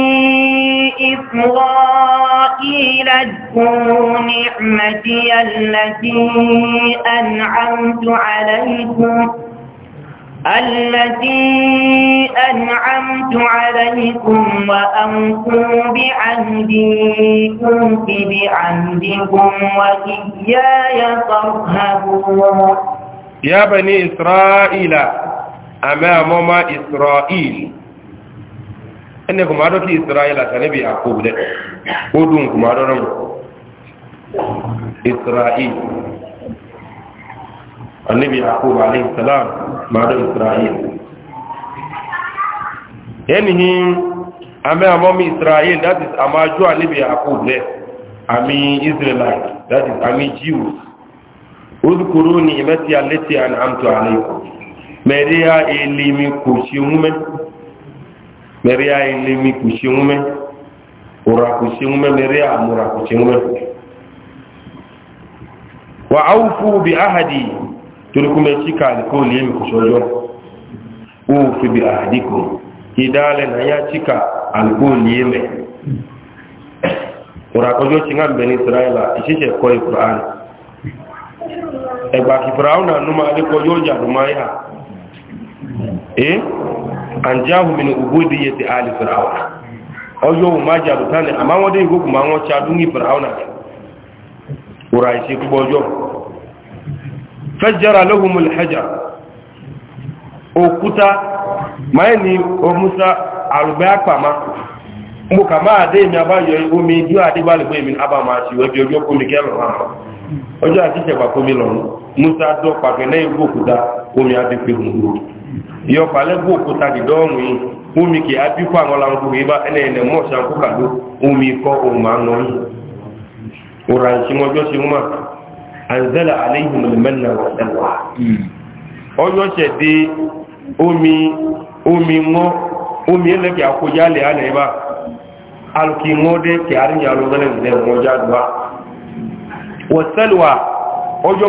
إسرائيل اذكروا نعمتي التي أنعمت عليكم التي أنعمت عليكم وأوفوا بعهدي أوف بعهدكم وإياي فارهبون يا بني إسرائيل أمام إسرائيل ene kuma do ki israila ta nabi yakub de odun kuma do nan israil annabi yakub alayhi salam ma do israil enihi ame amo mi israil that is amaju annabi yakub de ami israelite that is ami jews udhkuru ni'mati allati an'amtu alaykum mariya elimi kushi umen mɛri a yi lemi kusi ŋume ura kusi ŋume mɛri a mura kusi ŋume wa aw fu bi ahadi turkume ci kaali ko lemi kusi ojo u fi bi ahadi ko idaale na ya ci ka alko lemi ura kojo ci ŋa mbeni israela isi se koyi qur'an ɛgba kifiraw na numa ale kojo ja numa ya eh an jahu min ubudiyyati ali fir'auna oyo ma jabu tani ama won de gogu ma won cha dungi fir'auna ura isi ku bojo fajjara lahum alhajar okuta mayni o musa aruba pama mo ka ma de mi abayo omi ju ade bale bo mi aba ma si webi ojo ko mi ke ro ma ojo ati se ba ko mi lo musa do pa ke na igokuta yọ palẹ kó òkúta dìdọ ọrùn omi kì á bí kó àwọn lanko yìí bá ẹnẹ omi kọ òun máa ń lọ yìí òrà ìṣinwó ọjọ́ ṣe ń mà àǹzẹ́là àléhùn mẹ́lẹ̀mẹ́lẹ̀ ọ̀sẹ̀lá omi omi ńọ́ omi ẹlẹ́kẹ̀ àkójálẹ̀ àná ẹ̀bá alùkì ńọ́ dé kẹ̀ àríyìn alùgbẹ́lẹ̀ ìwọ̀n jáde wá wọ̀ sẹ́lùwà ọjọ́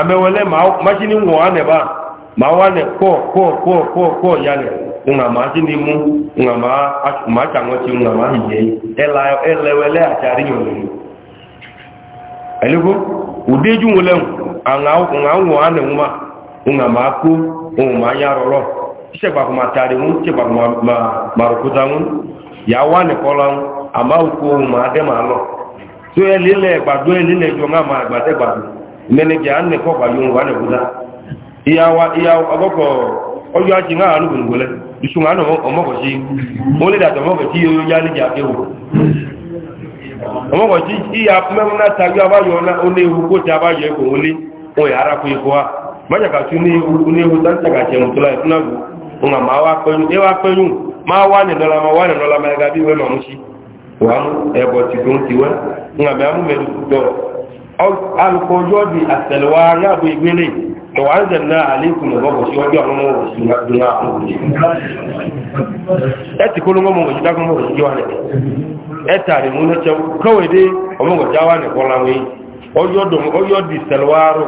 amewele machini ŋua ne ba ma wa kɔ kɔ kɔ ya ne ŋa ma mu ma a. ta ma yi yɛ atsari ŋu aŋa ŋa ma ko ma ya rɔlɔ tse ŋu ma ma ŋu ya wa ne ŋu ama ko de ma lɔ lɛ lɛ jɔ gbadɛ mẹ́lẹ́jẹ̀ á nẹ̀kọ́ pàyọ wà nẹ̀kúdá ìyàwó ọgọ́kọ̀ ọjọ́ ajé ń àánú gbòǹgbòlẹ̀ ìṣùn àánú ọmọkọ̀ṣí wọ́n lè dàtọ̀ ọmọkọ̀ṣí yóò yá níjà kéwò ọmọkọ̀ṣí ìyà ara fún ikọ̀ wa májàkà tún ní ewu tàbí ẹ̀mù tó láì fún àgbò wọn à máa wá pẹ́yún máa wá nìdọ́lá máa a di àtẹ̀lẹ̀wá yàbò ìgbélé ẹ̀wà ń na náà àlékùn ọgbọ̀gbọ̀ sí ọjọ́ àwọn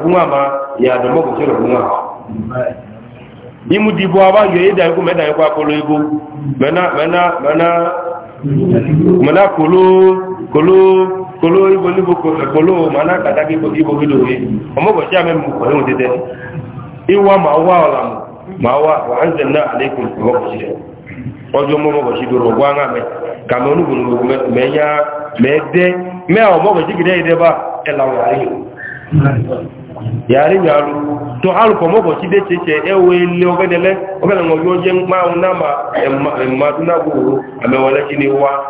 ọmọ òṣìṣẹ́ mú dìbò igbó kòló kolo ibo libo kolo mana kataki ibo ye omogo ame mu kɔni ịwa iwa ma wa ɔla mu ma wa wa anzalna aleikum omogo si dɛ ɔjɔ mo omogo si doro wa ŋa mɛ kame onu gbolo gbogbo mɛ mɛ nya mɛ dɛ mɛ omogo si gidɛ yi dɛ ba ɛla o yari yari nyalu to si de e ewe le ɔbɛ de lɛ ɔbɛ lɛ ŋɔ yɔ na wa.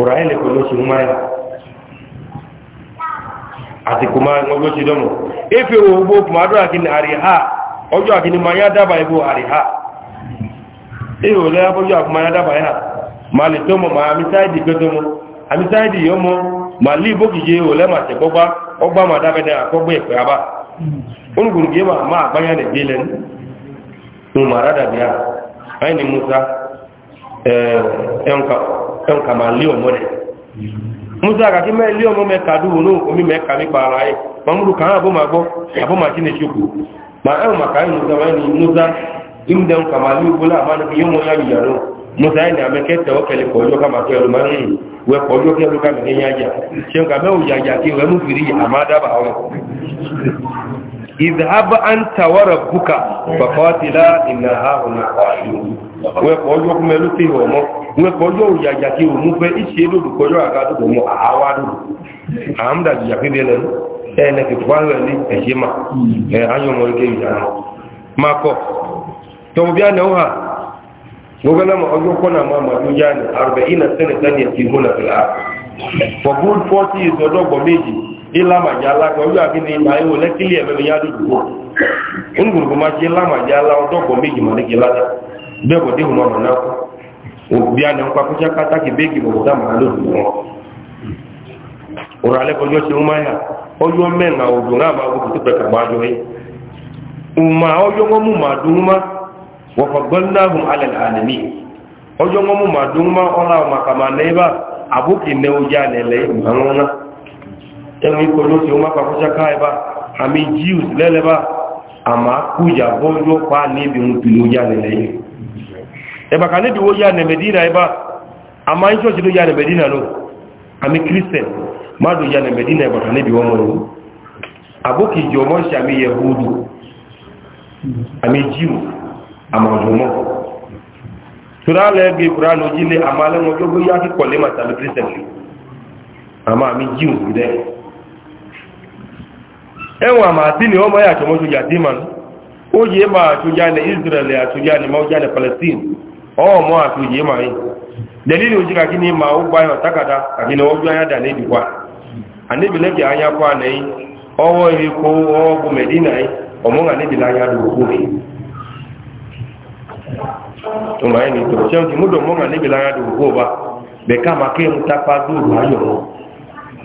òrà ilẹ̀ pẹ̀lú oṣù máa àtìkù máa ń ọjọ́ ṣídọ́mù éfẹ́ ogbó kùmádọ́ àkíní àríhá ọjọ́ àkíní ma yá dábàá ibò àríhá èyí ò lẹ́yà fọ́jọ́ ma yá dábàá yá máa lè tọ́mọ̀ ma àmìsáìdì pẹ́tọ́mọ́ àmìsáìdì yọmọ máa lé ẹn kà ma lé ọmọ rẹ̀ musa kàkí mẹ́ lé ọmọ mẹ́ kàdú wọn náà omi mẹ́ kàmí pa ara yẹ mamudu kàn án àbọ̀mọ̀ àbọ̀ àbọ̀mọ̀ àti ma mà ẹn mà kàá musa wọn ni musa ìmùdẹ̀ ń kà máa lé ọgbọ́n àmà níbi yẹn mọ ya yìyà náà musa yẹn ni àmì kẹtẹ ọkẹlẹ kọjọ kàmá tó ẹlòmọ ẹn wẹ kọjọ kẹlò kàmí kẹyìn ajá ṣe ń kà mẹ́ òyàjà kí wẹ́ mú fìrí àmà ìdáhàbà à ń tàwárà búkà bàkọ́tìlá ìnà àhùn wẹ́pọ̀ ọjọ́ kún mẹ́lú tí ìwọ̀ mọ́ wẹ́pọ̀ ọjọ́ òyàjà tí ò mú fẹ́ ìṣẹ́ lòdùkọjọ́ àgádùkù mọ́ àwá dùdù àmdàjù yàfíbí ẹlẹ́nu ẹ̀ẹ́nẹ́kì fáwẹ̀lì ẹ̀ṣẹ́ mà ẹ̀ ayọ́mọ̀ ike ìyàrá máa kọ́ tọ́wọ́ bí a náà hà gbogbo ma ọjọ́ kọ́nà máa ma ló yá ni àrùbẹ̀ ìnà sẹ́nẹ̀ sẹ́nẹ̀ ti hó na fìlà fọ̀gbọ́n fọ́tí ìsọdọ́gbọ̀ méjì ìlàmàjá alákọ̀ ojú àkíní àyíwò lẹ́kílì ẹ̀mẹ́mẹ́ yá dúdúgbò ń gbùrùgbù máa ṣe ìlàmàjá alá ọdọ́gbọ̀ méjì mọ̀ nígi ládá bẹ́ẹ̀bọ̀ déhùn ọmọ náà òbí a ní ń pakúṣá pátákì béèkì bọ̀ dá màá lòdù wọn ọ̀rọ̀ alẹ́ kọjọ́ ṣe ń máyà ọjọ́ mẹ́rin òdò náà máa gbogbo tó pẹ̀kà máa jọ yìí ẹ̀mí kò ló ti ó má pàkúṣá káyẹ̀ àmì jews lẹ́lẹ́ bá àmà kújà bọ́jọ́ pa níbi ohun pìlú ó yà lẹ́lẹ́ yìí ẹ̀bàkà níbi ó yà nẹ̀mẹ̀dínà ẹ̀ bá àmà ń ló yà nẹ̀mẹ̀dínà lọ àmì christian má ló yà nẹ̀mẹ̀dínà ẹ̀bàkà níbi wọn mọ̀ lọ́wọ́ àbókì ìjọ mọ́ jews àmà ọ̀dọ̀ mọ́ tura lẹ́gbẹ̀ẹ́ kura lójílé àmà lẹ́wọ̀n tó gbé yá kíkọ̀ lé màtàmì christian àmà àmì jews lẹ́yìn ẹwọ̀n àmàtí ni ọmọ yà tọmọ sójà díman ó yé ma àtúnjá ní israel àtúnjá ní mọ́já ní palestine ọmọ àtúnjé ma yìí dẹ̀lílì ojú kàkí ní ma ó gbá yàn tákàdá kàkí ní ọjọ́ ayádà ní ìdìkwá àníbìlẹ́bì ayákwá nẹ́yìn ọwọ́ ìrìkó ọgbọ̀ mẹ́dínà yìí ọmọ àníbìlẹ́ ayádà òkú rẹ̀ tọmọ ayé ni tọ̀ṣẹ́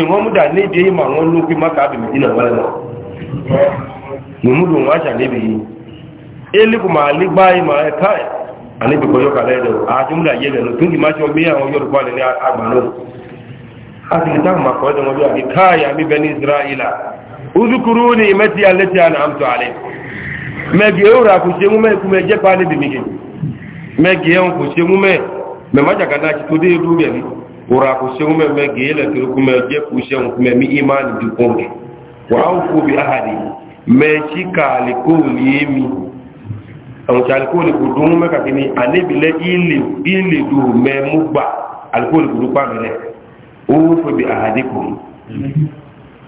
ìwọ́n ye dà níbi yìí mà wọ́n lókè má káàbì méjì náà wọ́n lọ. Mùmúdù wọn àṣà níbi yìí. Eléku na lé gbá yìí màá ká ẹ̀. ma kọ́ yọkà lẹ́yìn lọ. Àti múdà yé A ti lè táwọn màkọ́ ẹ̀dọ̀ wọn bí àbí káàyà bẹ Uzukuru ra kò ṣe mú mẹ́ kú mẹ́ pa níbi mi kì. Mẹ́gì ẹ̀hún urakushengu meme geela kirukume jepushengu kumemi imani dukonge wa aufu bi ahadi mechika alikuli imi amucha alikuli kudumu meka kini anebile ili ili du memugba alikuli kudupa mele ufu bi ahadikum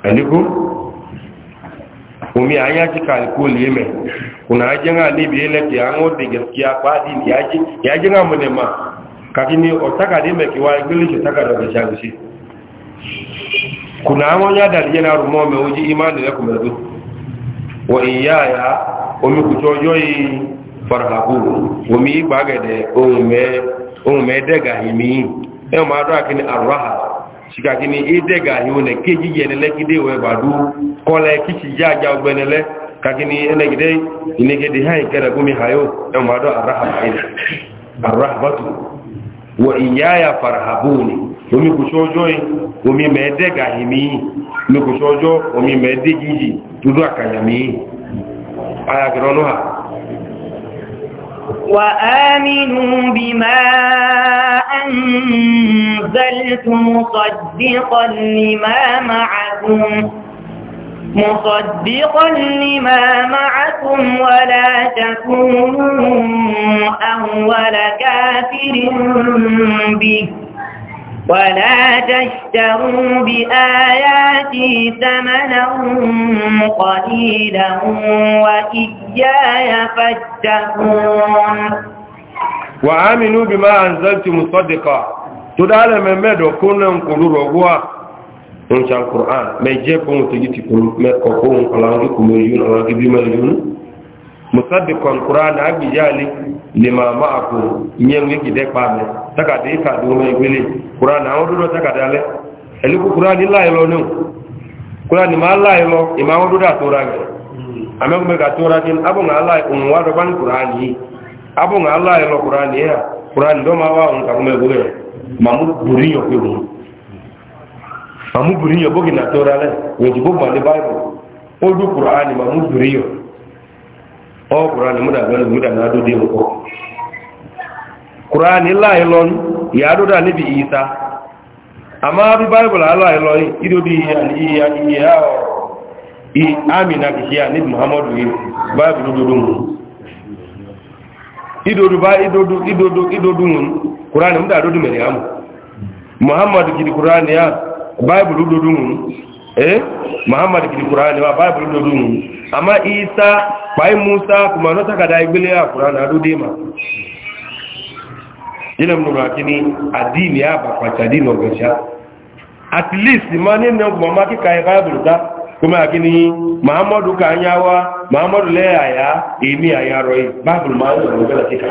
alikum umi anya chika alikuli ime kuna ajenga anebile ki ango de gaskiya ya dini yaje yaje ngamone ma kakini ọ̀tákàdé mẹ́kíwá ìgbélèṣẹ̀ tákàdé ọ̀gẹ̀ṣẹ̀ àgbèṣe kùnà Kuna yá dàrí yẹ́ náà rùmọ́ ọmọ ojú imáàlì lẹ́kùnmẹ́lú wọ ìyá àyá omikùtù ọjọ́ yìí farhabu omi gbàgẹ̀dẹ̀ ohun mẹ́ẹ̀dẹ́gà ìmí ẹ̀wọ̀n máa dọ́ àkíní àrùráhà ṣìkàkíní ìdẹ́gà ìhun kéjì yẹnilẹ́kídé wẹ̀ bàdú kọ́lẹ̀ kíṣì jájá ọgbẹ́nilẹ́ kakini ẹnẹgidẹ́ ìnẹgẹdẹ hàn kẹrẹgúnmi hayo ẹ̀wọ̀n máa wa iyaya farhabuni omi kò ṣọ́jọ́ yìí omi mẹ́ẹ̀dẹ́gà ìmí omi kò ṣọ́jọ́ omi mẹ́ẹ̀dẹ́gì yìí dúdú àkàyàmí ayagirọ́nù ha wa aminu bi ma anzaltu musaddiqan lima ma'akum مصدقا لما معكم ولا تكونوا أول كافر به ولا تشتروا بآياتي ثمنا قليلا وإياي فاتقون وآمنوا بما أنزلت مصدقا تدعى لمن مدى كنا نقول رغوة nca alquran mais je ko to yiti ko me ko ko ala ngi ko ala ngi bi abi jali lima nyen de pa me taka de ka do me quran awu do taka dale eli ko quran illa ilo no quran ma alla ilo ima wudu da tora ge ame me ka tora kin abu nga alla um wa do ban quran yi abu nga ya ma wa ka amubiri yɔ bogi natora lɛ wòdigbo mali baibu o du kur'ani ma mubiri yɔ ɔ kur'ani mu da gbɛni mu da na do den kɔ kur'ani laayi lɔn yaadu da nibi isa ama bi baibu la laayi lɔn ido di iya ni iya ni iya ɔ i amina kisi ya nibi muhammadu yi baibu do do mu idodu ba idodu idodu idodu mu kur'ani mu da do du mɛri amu muhammadu kiri kur'ani ya bible dodo mu eh muhammad kiri qur'an wa bible dodo mu amma isa bai musa kuma no taka da igbele ya qur'an ado de ma ina mun ga kini adini ya ba kwa chadi no gosha at least mani ne kuma ma ki kai bible da kuma kini muhammadu ka anyawa muhammadu le aya emi aya roi bible ma no gosha kika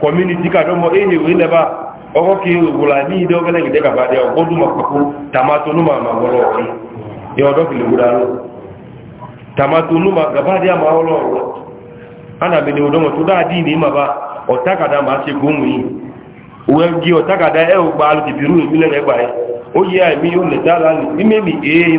community ka dɔn bɔ e ye o ye lɛba ɔkɔ k'e wula n'i dɔw fɛnɛ k'i ka o ko tamato nu ma ma wɔlɔ o tamato nu ma a ma o an na bɛ ne o dɔn o to daa di nin ma ba o ta di o ta ka da ɛ e o gba alo ti biiru e. o a ye mi o le da la ni mi mi e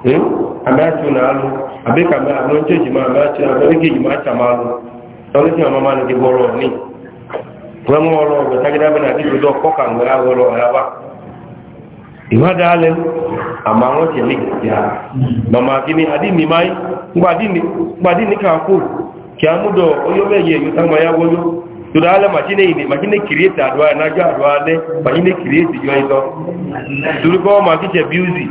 Hmm? ameachi na alụ ka mgbe abụrụ nche ejima ameachi na abịa ejima acha alụ ọlụchi ọmama na gị bụrụ ọrụ ọgụ tagide na dịgodo ọkpọ ka mgbe ahụ ọrụ ama ba ìwádìí alẹ́ àmà àwọn gịnị, ìgbà màmá gini mgbe máa gbàdini akwụ, a múdọ̀ ọyọ́ mẹ́yẹ yóò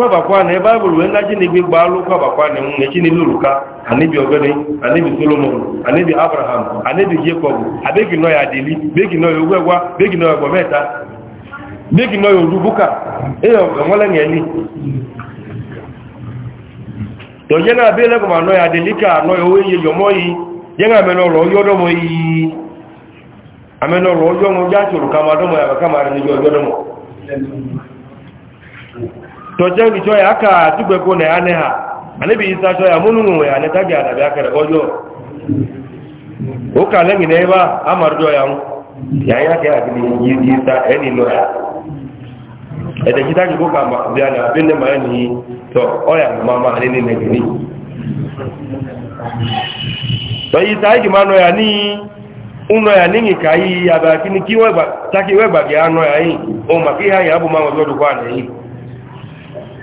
kwabakwa na ebe a bụrụ wee na jinigwe gba alụ kwabakwa na nwunye chinibi uruka anibi ogene anibi solomon anibi abraham anibi jacob abegi nọ ya dili begi nọ ya ogwegwa begi nọ ya gbometa begi nọ ya orubuka eyo enwele ngeli tọjẹ náà bí ya dili ya tɔjɛ ni tɔya aka tugbɛ ko na ya ne ha ale bi isa tɔya minnu ŋun ya ne ta bi alabi akɛrɛ kɔjɔ o ka lɛ ŋinɛ ba ya ŋu ya ya kɛ akili yi yi ya ɛdɛ kita ki ko ka ma bi ala bi ne ya ni tɔ ɔya ma ma ale ni nɛ gini tɔ ya ni ŋunɔ ya ni ŋi ka yi abe taki wɛ gba ya nɔ ya yi o ma ki ya yi abo ma wɔ do ko a yi.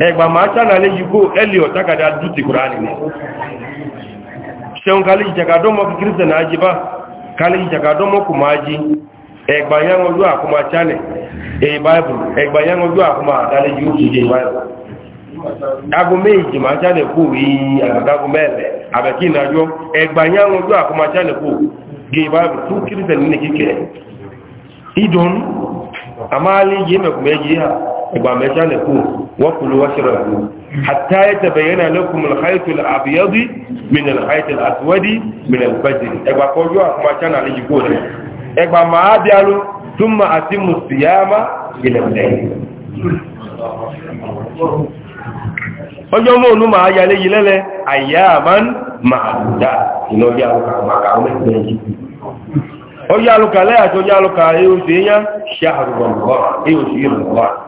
ẹgbà máa ṣánà lè yíkó ẹlì ọ̀tákàdá dútì kùránì ní ṣeun kálí ìjàkàdọ́mọ́ kí kírísẹ̀ náà jí bá kálí ìjàkàdọ́mọ́ kù máa jí ẹgbà yán ọjọ́ àkọmà ṣánẹ̀ èyí báìbùl ẹgbà yán ọjọ́ àkọmà àdálẹ́ yóò ṣe jẹ báìbùl ago méjì máa ṣánẹ̀ kú rí àgbàdágo mẹ́lẹ̀ àbẹ̀kí ìnájọ́ ẹgbà kuba mai shanaku wa kulu wa shirabu hatta ya tabayyana lakum al-khayt al-abyad min al-khayt al-aswad min al-fajr e ba ko yo kuma chana le jiko ne e ba ma bialu thumma atimmu siyama ila al-layl ojo mo nu ma ya le yilele ayaman ma'duda ino ya ka ma ka me ojo aluka le ajo aluka e o se yan shahru ramadan e o se ramadan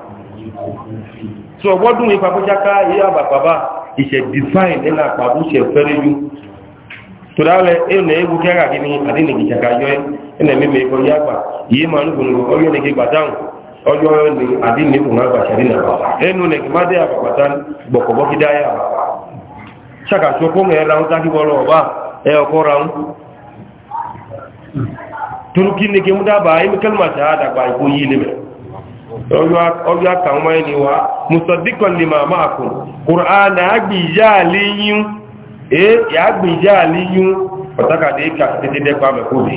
so ọgbọ́dún ìfàkójáká yí àbàpàbà ìṣẹ̀ define ẹ̀nà àpàbù ṣe fẹ́rẹ́ yú tó dáwẹ́ ẹ̀nà ewu kẹ́rà kí ni àdínìkì ṣàkà yọ ẹ̀nà mímẹ́ ikọ̀ yí àgbà yìí máa lùkùn ọyọ́ ní kígbà dáhùn ọjọ́ ní àdínìkù máa gbà ṣàdínà ẹnu nẹ̀kì má dé àbàpàtà gbọ̀kọ̀bọ́kí dáyà ṣàkàṣọ kó mẹ́ẹ̀ẹ́ ráhùn sákìbọ́ lọ ọba ẹ ọkọ ráhùn turkey ní kí mú dábàá ẹ̀mí kẹ́lùmọ̀ ṣàádàgbà ìkó yí ni mẹ́ẹ̀ ọjọ́ àtàwọn ẹni wa musadikọ̀ lè máa máa kùn kùránà agbìyà léyìn yàgbìyà léyìn ọ̀tàkàdé kàtẹ́tẹ́dẹ́pàá mẹ́kọ́ bí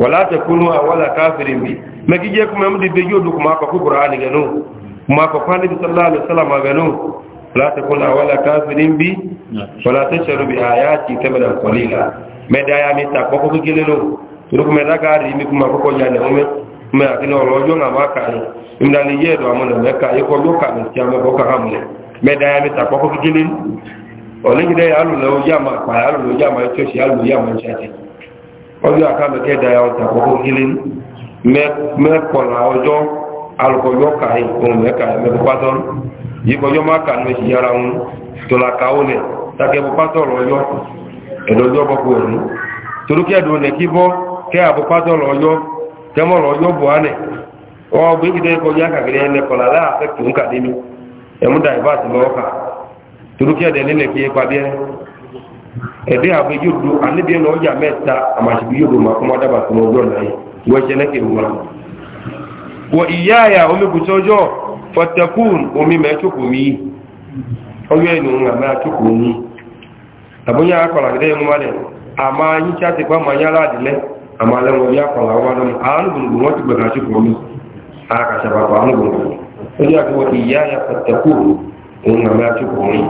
wọ̀lá tẹ̀kúnú àwọn àkáfẹ́rẹ́ bí mẹ́kíjẹ́ kúmẹ́ mú dìde yóò dùn kùmá kọ̀kú kùránì gẹ̀nú kùmá kọ̀kú alẹ́ bisalá alẹ́ sálàmà gẹ̀nú wọ̀lá tẹ̀kúnú àwọn àkáfẹ́rẹ́ bí wọ̀lá tẹ̀sẹ̀rù bí àyà ti tẹ́mẹ̀lẹ̀ kọ̀lí mɛ akele a ɔdzɔ ŋa ma ka yi ŋda le yɛ do na mɛ ka yi kɔ do ka mɛ tia mɛ ka ha mu lɛ mɛ da ya mɛ ta kɔkɔ kekele ɔlɛ o yama kpa alu lɛ o yama tsɔsi ya lɛ o yama tsɔsi ɔdzɔ aka mɛ kɛ da ya ta kɔkɔ mɛ mɛ kɔla ka yi o mɛ ka mɛ kɔ patɔ yi ma ka mɛ si yara ŋu tola tẹ́mọ̀ lọ yóò bọ̀ ánẹ̀ wọ́n gbé kí tẹ́kọ̀ yá kàkiri ẹni kọ̀lá láàfẹ́ dị ń kàdé mi ẹ̀mú dàìbáàsì lọ́wọ́ kà turukí ẹ̀dẹ̀ nílẹ̀ kí ẹ pàdé ẹ̀dẹ́ àbẹ yóò do àníbi ẹ̀nà ọjà mẹ́ta àmàṣìbí yóò do màkúmọ́ dábàá náà wọn. wọ ìyá omi fọtẹkùn omi mi ọyọ ẹnu mi àmà yín amma lan ya fara wa nan an gungun wata bana shi komi a ka shaba ba an gungun sai ya kuma iya ya fattaku in na ma shi komi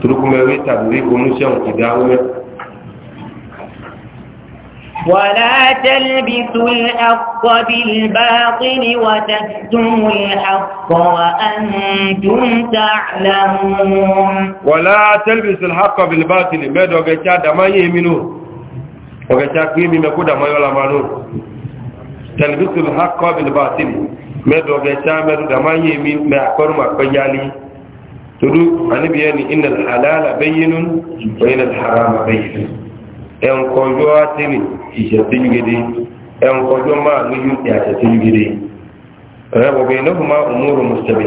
turu kuma wai ta duri ko mun shan idawo ne ولا تلبسوا الحق بالباطل وتكتموا الحق وأنتم تعلمون ولا تلبسوا الحق بالباطل ما دوغا ما يمنون ọ̀gẹ̀ta kí mi mẹ́kú dàmọ́ yọ́ lamanú tẹlifíṣùn hakọ́ bilbatin mẹ́dọ̀ ọ̀gẹ̀ta mẹ́dọ̀ dàmọ́ yé mi mẹ́ àkọ́rùn àpẹ́yálí tòdú àníbìyẹ́ ni iná halala bẹ́yínú ọ̀yìn harama bẹ́yínú ẹnkọjọ́ àtìrì ìṣẹ̀tìjúgede ẹnkọjọ́ máa lóyún ìṣẹ̀tìjúgede rẹ̀ bọ̀bẹ̀ iná fún máa òmùrù mùsùlùmí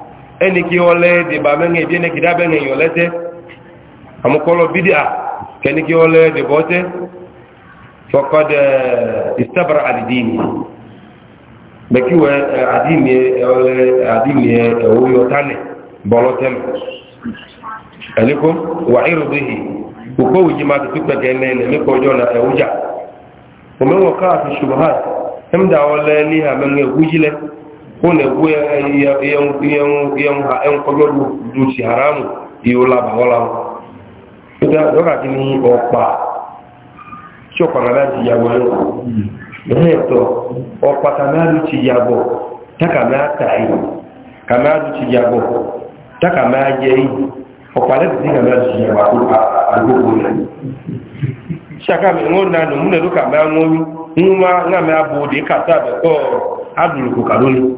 ẹni kí wọ́n lẹ́ dìbà mẹ́rin ìdí ẹni kìdá bẹ́rin èèyàn lẹ́tẹ́ àmúkọ́lọ̀ bídíà kẹni kí wọ́n lẹ́ dìbọ́ tẹ́ fọ́kọ́dẹ̀ ìsẹ́bàrà àdìdìní bẹ̀kíwẹ̀ àdìmí ẹ̀wọ́yọ tánẹ̀ bọ́lọ́ tẹ́lẹ̀ ẹ̀lẹ́kọ́ wà ìrùbíhì òkó na na kuya yan yan du ci la ba wala do ka kini opa cho pa na ya wolo ne to opa ta na du ci ya bo ta ka na ta yi ka na du ci ya bo ta ka na je yi opa le ti ka na ji ya ba ko a go go ne shaka mi ngon na no ka ma na me abu ka ta be ko adulu ko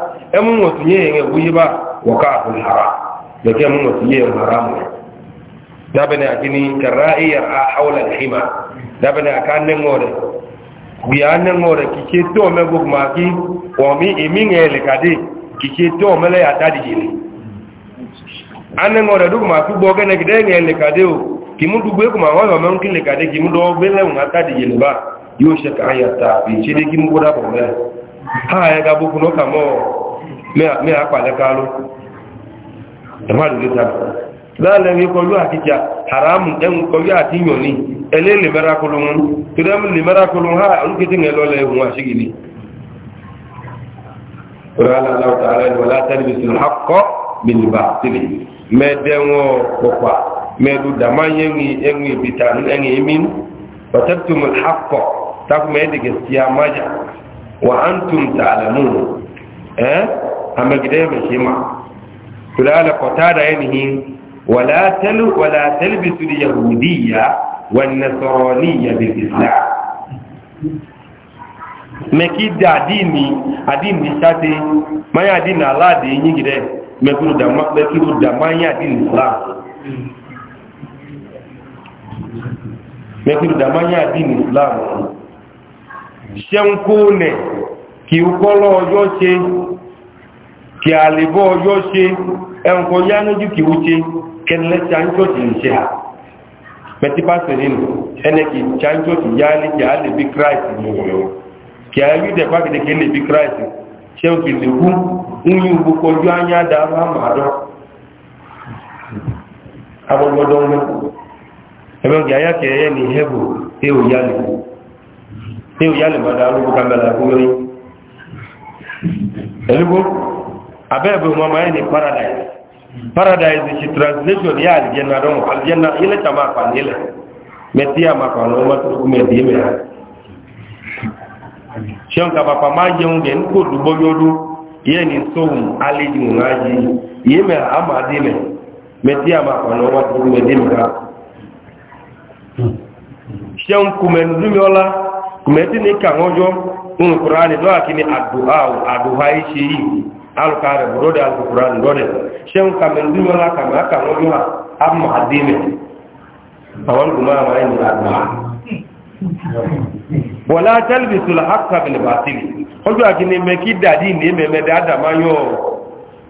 ẹmú wọn tún yẹ yẹn wúyí bá wọ́n ká àbúrò hara lọ́kẹ́ ẹmú wọn tún yẹ yẹn hara mọ́ dábẹ́ni àkíní kẹrẹ ẹ̀yà àhàwọ̀lẹ̀ ìhìmá dábẹ́ni àká nẹ́ngọ́ rẹ̀ bí a nẹ́ngọ́ rẹ̀ kìí ṣe tó mẹ́gbọ́ máa kí ọ̀mí èmi ń ẹ̀lẹ̀ kàdé kìí ṣe tó mẹ́lẹ̀ àtàdìjìlì anẹ́ngọ́ rẹ̀ dúkù máa kú gbọ́ kẹ́nẹ́kìdẹ́ ń ẹ̀lẹ̀ kàdé o kì mú dùgbé kùmà wọ́n yọ̀ mẹ́rin kílẹ̀ kàdé kì mú lọ gbẹ́lẹ̀wọ̀n àtàdìjìlì bá yóò ṣe kàáyà tàbí ṣe dé kí mú kó dábọ̀ mẹ́rin mẹ́ àpàlẹ́ kálú ẹ̀mọ́dúnlé sára láàrín ẹ̀mí kọjú àti jà àti yàn ní ẹlé lè mẹ́ra kọlu wọn tó dẹ́mù lè mẹ́ra kọlu ha ń ẹ̀hùn àṣígìlì wa antum ta'lamun eh amagide me shima tulala qatada yanhi wala tal wala talbisu yahudiyya wan nasraniyya bil islam meki dadini adini shati maya adini aladi yingide mekuru da mekuru da maya adini islam mekuru da maya adini islam shenkune ki ukolo ojo kí a lè bọ́ ọjọ́ ṣe ẹnkọ yá lójú kí ó ṣe kẹlẹ̀ ṣáńjọ́tì ń ṣe à pẹ̀típàṣẹ nínú ẹnẹ́kì ṣáńjọ́tì yá lè kí a lè bí christ ní ọ̀yọ́ kí a rí dẹ̀ pàkìdé kí lè bí christ ṣe ń fi lè ń yí gbogbo ọjọ́ anyá dá lámàdọ́ agbọgbọdọ ń lọ ẹgbẹ́ kí ayá kẹ ẹyẹ ní hẹ́bù tí ó yá lè tí ó yá lè mọ̀dá arúgbó kámẹ́lá abẹ́ẹ̀bẹ̀ ọmọ ọmọ ẹni paradise paradise ṣe translation yá àlìjẹ́nà rán àlìjẹ́nà ilẹ̀ tà máa pà nílẹ̀ mẹ́tí àmà pà ní ọmọ tó kú mẹ́tí mẹ́ra ṣeun kàbàpà máa jẹun gẹ̀ ní kò dùbọ́ yọdún yẹ́ ni sóhùn àlejò náà yí yé mẹ́ra àmà dé mẹ́ mẹ́tí àmà pà ní ọmọ tó kú mẹ́tí mẹ́ra ṣeun kùmẹ̀nù dúmíọ́lá kùmẹ̀tí ní kàwọ́jọ́ ń kúránì lọ́wọ́ kí ni àdùhà ìṣe yìí alukare buro de alukuran dole shen kamen duma la kama aka ngoju ha amma adime awon kuma ma yin adma wala talbisul haqqa bil batil ojo akini me ki ni me me me da di ni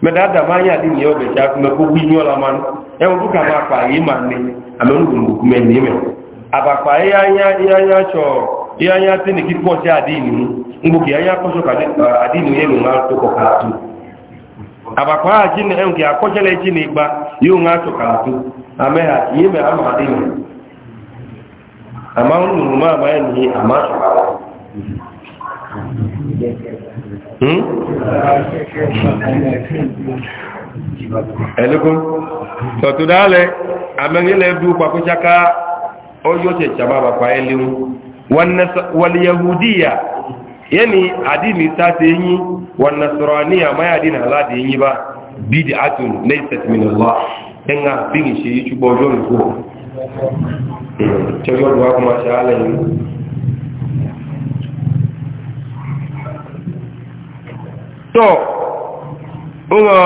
be ja me ko nyola man e o duka ma pa yi man ni ni me aba pa e ya ya ya ya cho e ya ya ki di ni ngu ki ya ko so ka di lu ma to ko ka àbàkọ́ àjí ní ẹ̀hùn kí àkọ́ṣẹ́lẹ̀ jí ní igba yóò ń àtò kààtó àmẹ́hà yìí mẹ́ àmà àdínà àmà ń lùrù máa máa ní àmà àtò kààtó ẹ̀lẹ́kùn tọ̀tù dálẹ̀ àmẹ́rìnlẹ̀ bí ó pàkóṣáká ọjọ́ tẹ̀ yani adini ta ta yi wa nasraniya ma ya dini ala da yi ba bid'atun laysat min Allah dan ga bin shi ci bojo ne ko cewa duwa kuma sha Allah yi to uwa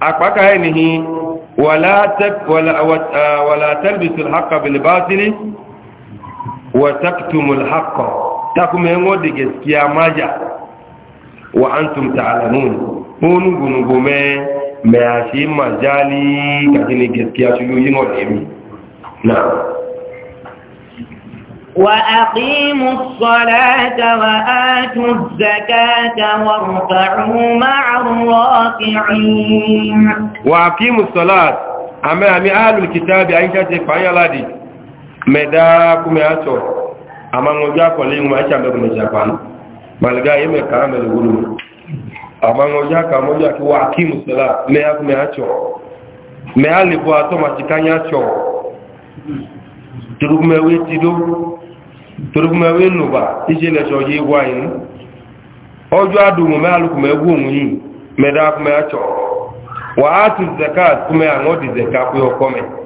akpaka yanihi wala tak wala wala talbisul haqqo bil batili wa taktumul haqqo ta kuma yin wadda gaskiya maja wa an tumta alamun mai ashe majali ka gini gaskiya su yi wadda yi na وأقيموا الصلاة وآتوا الزكاة وارفعوا مع الراكعين وأقيموا الصلاة أما أمي أهل الكتاب أنت تفعي لدي مداكم يا أتوه ama ŋɔdzo akɔlé ŋu ma etsa mɛ kò mɛ tsa kpa nu maliga yi mɛ kala mɛ le wolo mɛ ama ŋɔdzo aka mɔdzo aki wa aki musa la mɛ aku mɛ atsɔ mɛ alebo atɔ ma tsika nya tsɔ torokumɛ wo eti do torokumɛ wo enoba titse le tsɔ yi wa yi nu ɔdzo adu ŋu mɛ alu kumɛ wo ŋu yi mɛ da kumɛ atsɔ wa atu zakat kumɛ aŋɔ di zakat kuyɔ kɔmɛ.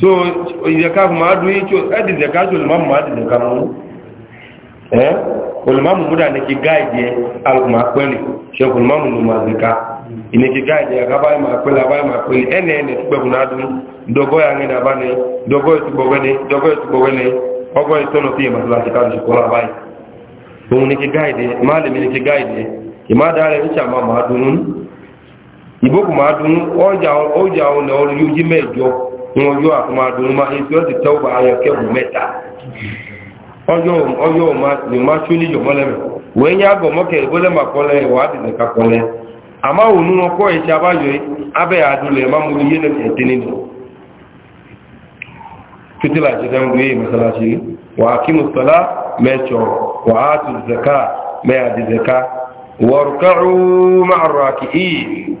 so ìzẹ̀ká máa dún yí tí ó ẹ́dì ìzẹ̀ká tí olùmọ́mù máa dì ìzẹ̀ká mú ẹ́ olùmọ́mù múdà ní kí gáìdì ẹ alùpùpù máa pẹ́lì ṣe olùmọ́mù ló máa zẹ̀ká ìní kí gáìdì ẹ kábáyé máa pẹ́lì abáyé máa pẹ́lì ẹnẹ ẹnẹ tí pẹ̀kùn náà dún dọgọ́ yàrin abáni dọgọ́ ìtúgbọ̀wẹ́ni wọn yóò àkọmọ àdùnmá ètò ẹ̀sì tẹ́wọ́ bá ayọ̀ kẹ́wù mẹ́ta ọyọ́ ìmá tí ó ní yọ̀mọ́ lẹ́mẹ̀ wọ́n yá gọ̀ mọ́kẹ̀ ìwádìí nìka kọ́lẹ̀ àmá òun wọn kọ́ ìṣẹ́ abáyọ̀ abẹ́ àdúlẹ̀ má mú iye ẹ̀tẹ́ nínú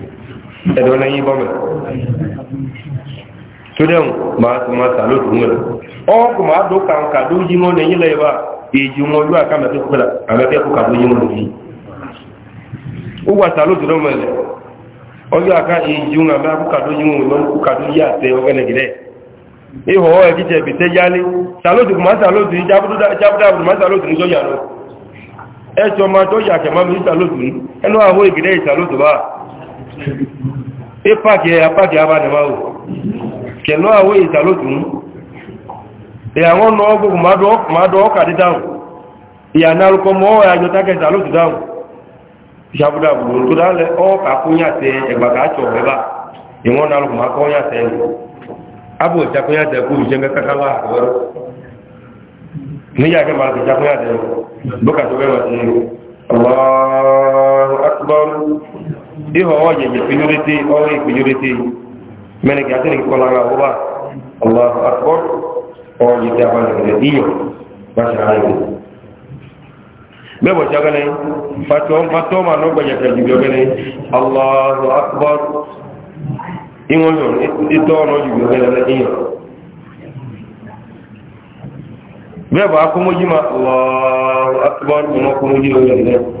ẹ̀dọ́ lẹ́yìn bọ́mẹ̀ tó dẹ̀ máa tó máa tà lóòtù mẹ́rin ọkùn máa dó kàn kàdó yí wọn lẹ́yìn lẹ́yìn bá èjì wọn yóò àká mẹ́fẹ́ kó kàdó yí wọn lẹ́yìn ó wà tà lóòtù ọjọ́ èjì wọn yí wọn yí àtẹ ọgẹ́nẹ̀gẹ́dẹ́ ihò yálé mi ní ní ẹnu àwọn ìpàkì àpàkì abánimá o kẹlọ àwọ ìtàlótún ìyàwó náà gbogbo mádọ́ ọkàdé dáhùn ìyànà alùkọ mọ́ àjọ tákẹ́ ìtàlótù dáhùn ìṣàbúdà gbogbo ọkà kúnyàtẹ̀ ẹgbàkàájọ ẹ̀bá ìwọ́n ihò ọwọ́ jẹ̀bi ìpínlẹ̀ ọwọ́ ìpínlẹ̀ mẹ́lẹ̀kì àti nìkọ́ lára ọba allahu akbar ọwọ́ yìí tí a bá nìkọ́ iyọ̀ bá ṣe ara ìwé mẹ́bọ̀ ṣe agẹ́lẹ́ fatọ́mà náà gbẹ̀yẹ̀ tẹ̀lú ìjọ gẹ́lẹ́ allahu akbar ìwọ̀n yọ̀ ìtọ́ ọ̀nà ìjọ gẹ́lẹ́ iyọ̀ mẹ́bọ̀ akọ́mọ́jì ma allahu akbar ọmọkọ́mọ́jì lọ́wọ́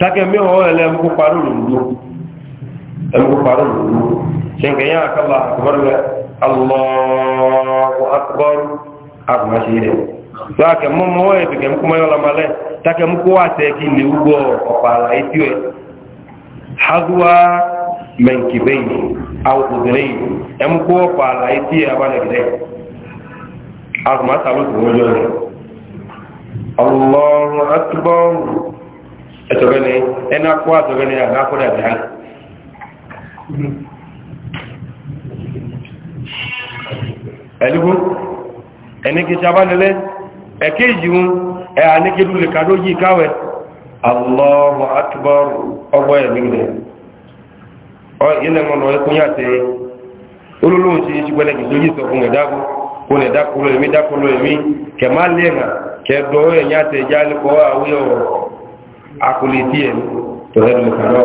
take mi o ele mu ko paru lu mu ko paru lu sehingga ya Allah akbar Allahu akbar agma shire take mo mo e bige mu kuma yola male take mu ko ate ki ni ugo opala itiwe e hazwa menkibaini au udhraini em ko opala itie e abana gide agma salu ko jore Allahu akbar ẹtọ̀rẹ́ni ẹni akọ àtọ̀rẹ́ni àgbàkọ́dà dáa ẹ̀lúgbó ẹni kìí sábánilẹ́ ẹ̀kẹ́ ìjìun ẹ àníkìlú lè kàdó yìí káwẹ̀ allahu akbar ọgbọ́ ẹ̀mí rẹ̀ ilẹ̀ mọ̀nà ẹkùnyà tẹ olólóhùn sí ṣùgbọ́n na tó yìí sọ fún ẹ̀dáko kò ní dákúlò àwúyọ̀ akulitie to hedu karo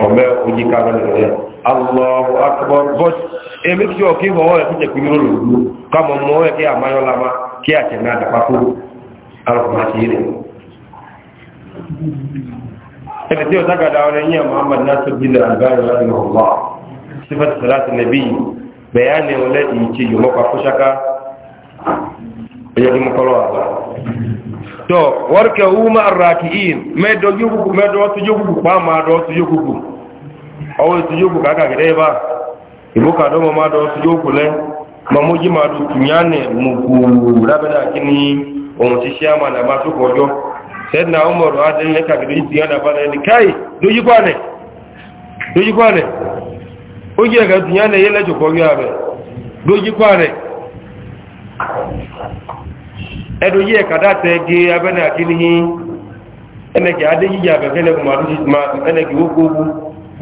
ome oji karo ne ya allahu akbar but e mi ti o ki wo e ti ku yoro lu ka mo mo e ki amayo lama ki a te na da pa ku aro ma e ti o daga da ona yin muhammad nasir bin al-albani rahimahullah sifat salat nabi bayani wala yi ci yumo ka fushaka ya ki mo kolo aba to warke uma arrakiin me do yugu me do to yugu pa ma do to yugu o to yugu kaka gide ba ibo ka do ma do to yugu le ma mo ji ma do tunyane mu ku rabada kini o mo ti shama na ma to gojo sayyidina umar adin ne ka gide ti yana ba ne kai do yugu ne do yugu ne o je ga tunyane yele jo ko yabe do yugu ne edo yi kada te gi abene akinihi ene ki ade yi ya be fele ko maru ji ma ene ki wogo bu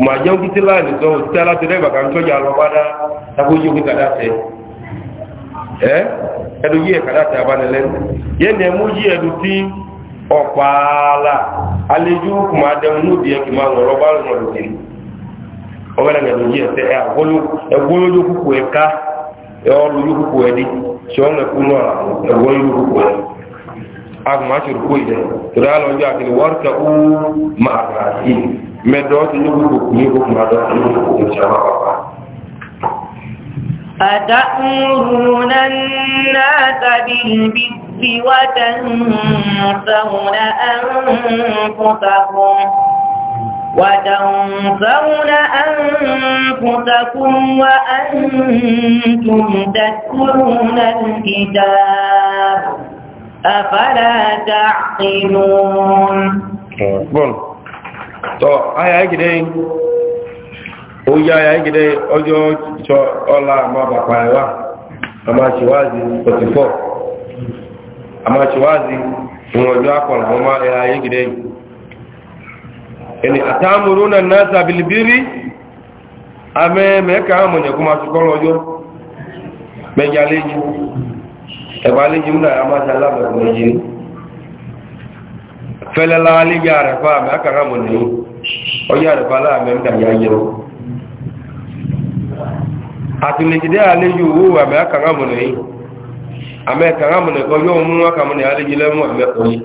ma je o kitila ni so tala te de ba kan to ya lo bada ta ko yi kada te eh edo yi kada te abane len ye ne mu yi edu ti opala aleju kuma de nu bi e ki ma lo ba lo mo do ki e yóò ẹni tí ọ lẹ́kú náà ẹ̀wọ́ yóò kúkú ẹni agbọ̀máṣe rúkú ìdẹ̀ torí àlọ́ ọjọ́ àti wọ́ọ̀tẹ̀ ó máa rà sí mẹ́dọ́ tí yóò kúkú ní kúkú máa dọ́ sí yóò وتنفون أنفسكم وأنتم تذكرون الكتاب أفلا تعقلون بون تو آية أجدين oyi aya egide ọjọ́ chọ ọla amabakwa ewa amachiwazi 44 amachiwazi nwe ọjọ́ akọrọ ọma ya egide ẹni àtàmùrúnà náà sàbìlìbírí amẹ́ mẹ́ka àmọ̀nyẹ̀ kó máa na lọ́jọ́ mẹ́jà léjì ẹ̀bà léjì múnà àmáṣà alábẹ̀rẹ̀ méjì fẹ́lẹ́lá léjì àrẹ̀fà àmẹ́ àmọ̀nyẹ̀ ọjọ́ àrẹ̀fà aláàmẹ́ mẹ́kànjá ame àmọ̀nyẹ̀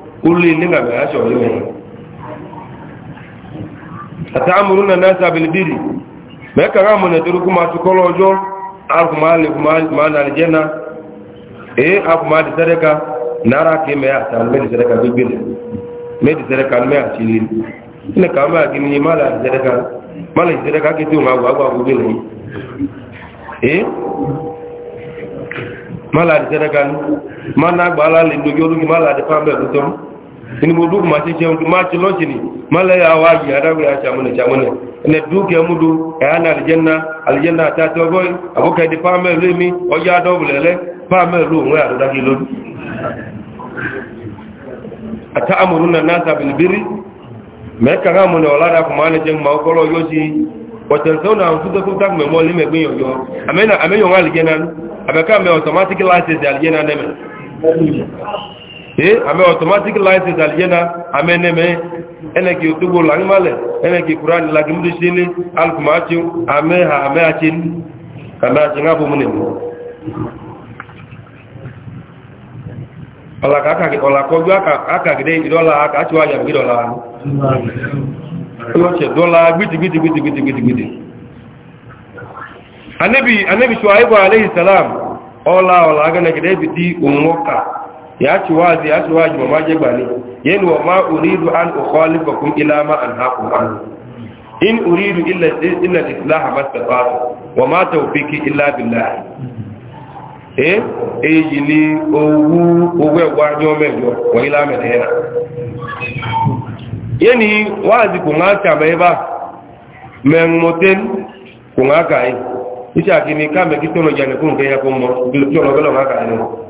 kulli ninga me acho amuru na nasa bil birri me ka ga mun turu kuma to kolojo al kuma al kuma na aljanna eh al kuma di sadaka nara ke me ata me di sadaka bil birri me di sadaka me achiri ne ka ma gi ni mala di sadaka mala di sadaka ke tu ma wa wa bil birri eh mala di sadaka mana gbala le dojo lu mala di pambe lu tom ni mo duk ma ti jẹun ma ti lọ́ọ̀tì ni ma lẹ́yìn àwọn àyè adágbé àṣàmúnẹ̀ ṣàmúnẹ̀ ẹnẹ dúkẹ́ múdu ẹ̀hánà àlìjẹ́nà àlìjẹ́nà àtàtì ọgọ́ àbúkẹ́ di pàmẹ́lú èmi ọjọ́ adọ́bùlẹ̀lẹ́ pàmẹ́lú òun àdúdájú lónìí ata amuru na nasa bilibiri mẹ́ka káàmù ní ọ̀làdà kò máa ń jẹun ma ọkọ́lọ́ yóò ti ọ̀tẹ̀sẹ̀ náà fúdọ́fún tákùmẹ̀ mọ́ ní mẹ́gbẹ́ yọ̀yọ́ àmẹ́yàn àlìjẹ́nà àbẹ̀ká mẹ́ ọ̀tọ̀mátìkì láti ẹ̀sẹ̀ àlìjẹ́nà nẹ́mẹ̀ ee eh, ame automatic license alijena ame neme ene ki otugo langi male ene ki kurani langi mudu sili alkuma achi ame ha ame achi ame achi nga bu mune ola ka aka ola ko ju aka aka gide dola aka achi wa ya gide dola Ọlọ́ṣẹ̀ dọ́la gbìtìgbìtìgbìtìgbìtìgbìtì. Anẹ́bì Ṣùwáìbọ̀ Aléhìsàlám, ọlá ọ̀lá agẹ́nẹ̀gẹ̀dẹ́ bìtì òun mọ́kà yaci wazi yaci waji ma maje gbani yin wa ma uridu an ukhalifakum ila ma anhaqu an in uridu illa illa al-islah mastata'tu wa ma tawfiqi illa billah eh eyi ni owu owu ewa ni o mejo wa ila medena yeni wazi ko ma ta me ba men moten ko ma kai isa kini ka me kitono jane ko ngeya ko mo kitono belo ma kai no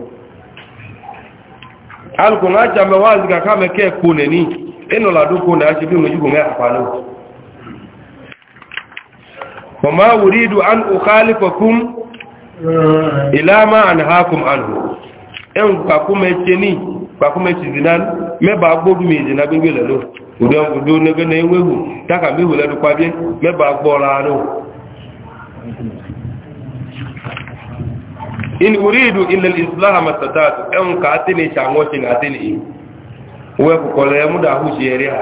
alùkò ńlá jàmbá wá àzìkà kámẹ́kẹ́ epo nẹ̀ní ẹnọ̀làdókò náà ṣe bí mo jùgbọ́n mẹ́ àpàlọ́ mọ̀má wùrídù an òkálìkọ̀kún ìlàmà àníhákùn àlù ẹn pàkúmẹ́ṣe ní pàkúmẹ́ṣe ìdínà mẹ́bà gbóòdù mi ìdínà gbégbé agbọ òdó in uridu illa al-islah ma tatatu en ka atini chango chini atini uwe kukole muda huji eria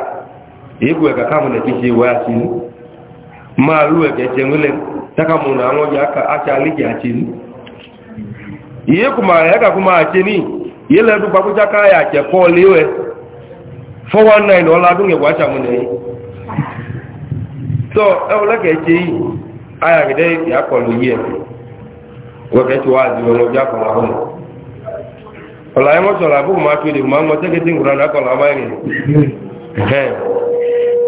yiku eka kamu na kishi wa chini ma luwe ke chengule taka muna ngoja aka acha aliki achini yiku ma yaka kuma achini yele du bakuja kaya che poliwe 419 dola dunge wacha mune so ewu lake chini aya gide ya kolu yeye wọ́kẹ́ tí wá àti ọmọ ọjọ́ àkọlà ọmọ ọ̀là ẹmọ́ sọ̀rọ̀ àbúkù máa kéde máa mọ́ tẹ́kẹ́tẹ́ ìwúra lákọlà ọmọ ẹ̀rìn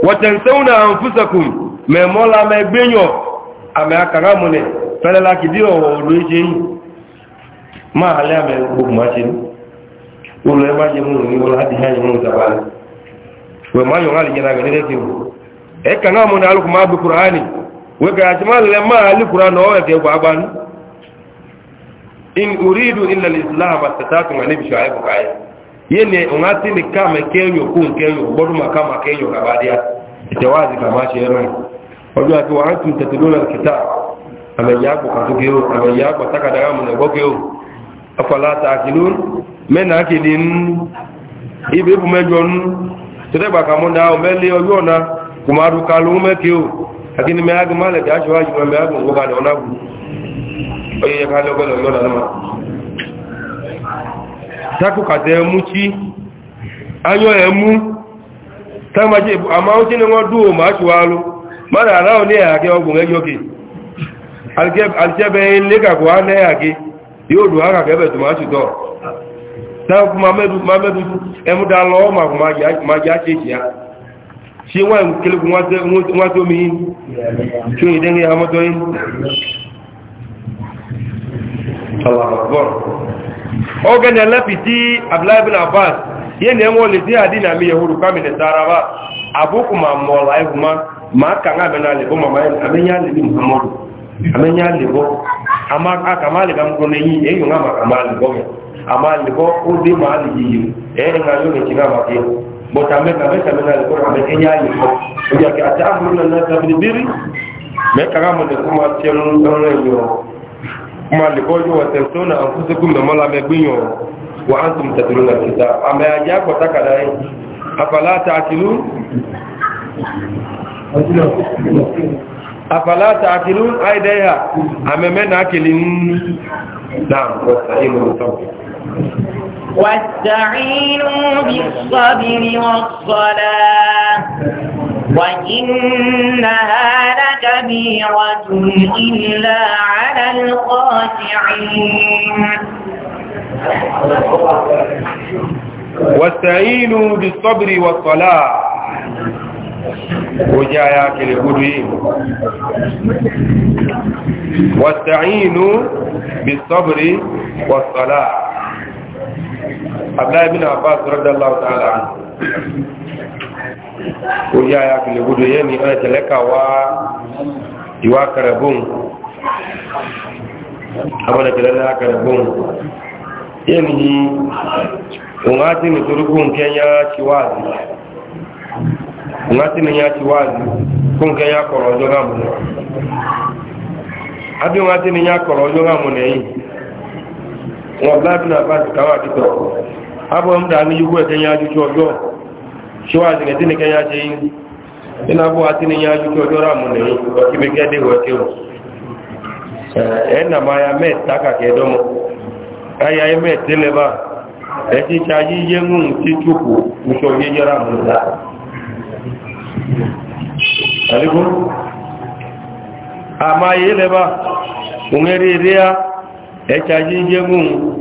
wọ̀tẹ̀ntẹ́wùn náà ń fúsẹ̀kùn mẹ́mọ́lá mẹ́gbẹ́yàn àmì akàrámùnẹ̀ fẹ́lẹ́lá kìdí ọ̀wọ̀ òdó ṣe yìí máa alẹ́ àmì gbogbo máa ṣe ní olú ẹ má jẹ mú ní wọ́n láti hàn ìmú ìtàbálẹ̀ wẹ̀ má yọ̀n àlìyàn àgbẹ̀ nílẹ̀ kí ẹ̀kàrámùnẹ̀ alùpùpù máa gbé kùránì wẹ̀ kàràtì má lẹ́ máa alìkùránì ọ̀ẹ̀kẹ́ gbàgbánu in uridu illa al-islam astatatu wa nabi shu'aib kai yene ungati ni kama kenyo kun kenyo boduma kama kenyo kabadia jawazi kama shema wajua tu wa antum tatluna al-kitab amayako taka amayako takadara mnagogeo afala ta'qilun mena akidin ibe bu mejon tedeba kamunda o meli oyona kumaru kalu mekeo lakini meagmale gashwa ajuma meagmu ngokale onagu oyeye ká lọ́gọ́lọ̀ yọ́ lọ́nà takùkàtẹ̀ ẹmú tí ayọ́ ẹmú tàbí àmá ó tí ni wọ́n dúò máa ṣùwá ló mara aláwọ̀ ní ẹ̀yàkẹ́ ọgbùn ẹgbẹ́gbẹ́ alìjẹ́bẹ̀ lẹ́gàgbọ́ anẹ́yàkẹ́ yóò dùn ákàkẹ́bẹ̀ tó máa ṣùtọ́ ya Allahu Akbar. Oge ne lafiti Abdullahi bin Abbas ye ni ngo le di adina mi yahuru kami ne saraba abuku ma mola e ma kanga be na le bo mama amenya le ni Muhammadu amenya le e yo ngama ka male bo e nga yo ne kinga ma ke bo tambe amenya le bo o ya na na tabiri me kanga mo de kuma tenu ngoro kuma likoju wa tamsuna anfusakum bi mala megbinyo wa antum tatluna kitab ama ya ko takada yi afala ta'qilun afala ta'qilun aidaiha amemena akilin na wa sa'imu tawfiq واستعينوا بالصبر والصلاة وإنها لكبيرة إلا على الخاشعين واستعينوا بالصبر والصلاة وجاء ياكل واستعينوا بالصبر والصلاة abdullahi bin abbas radiyallahu ta'ala an o ya ya kile gudu ye ni ana teleka wa iwa karabun abana kelala karabun ye ni ungati ni turukun kenya chiwazi ungati ni ya chiwazi kun kenya korojo gamu abi ungati ni ya korojo gamu ne yi wọn bla bin abbas kawa kitoko Abụọ m a amị igwe ekenye ọjọọ chiwazi ga etini kenya aja yi ndị na atini ọjọọ na ụ e ya mẹ́ta kàkẹ́ dọ́mọ́ káyà ẹ mẹ́tẹ́ lẹ́bà ẹ̀tí ta yíyé mú tí túkù ìṣọ́ yíyára a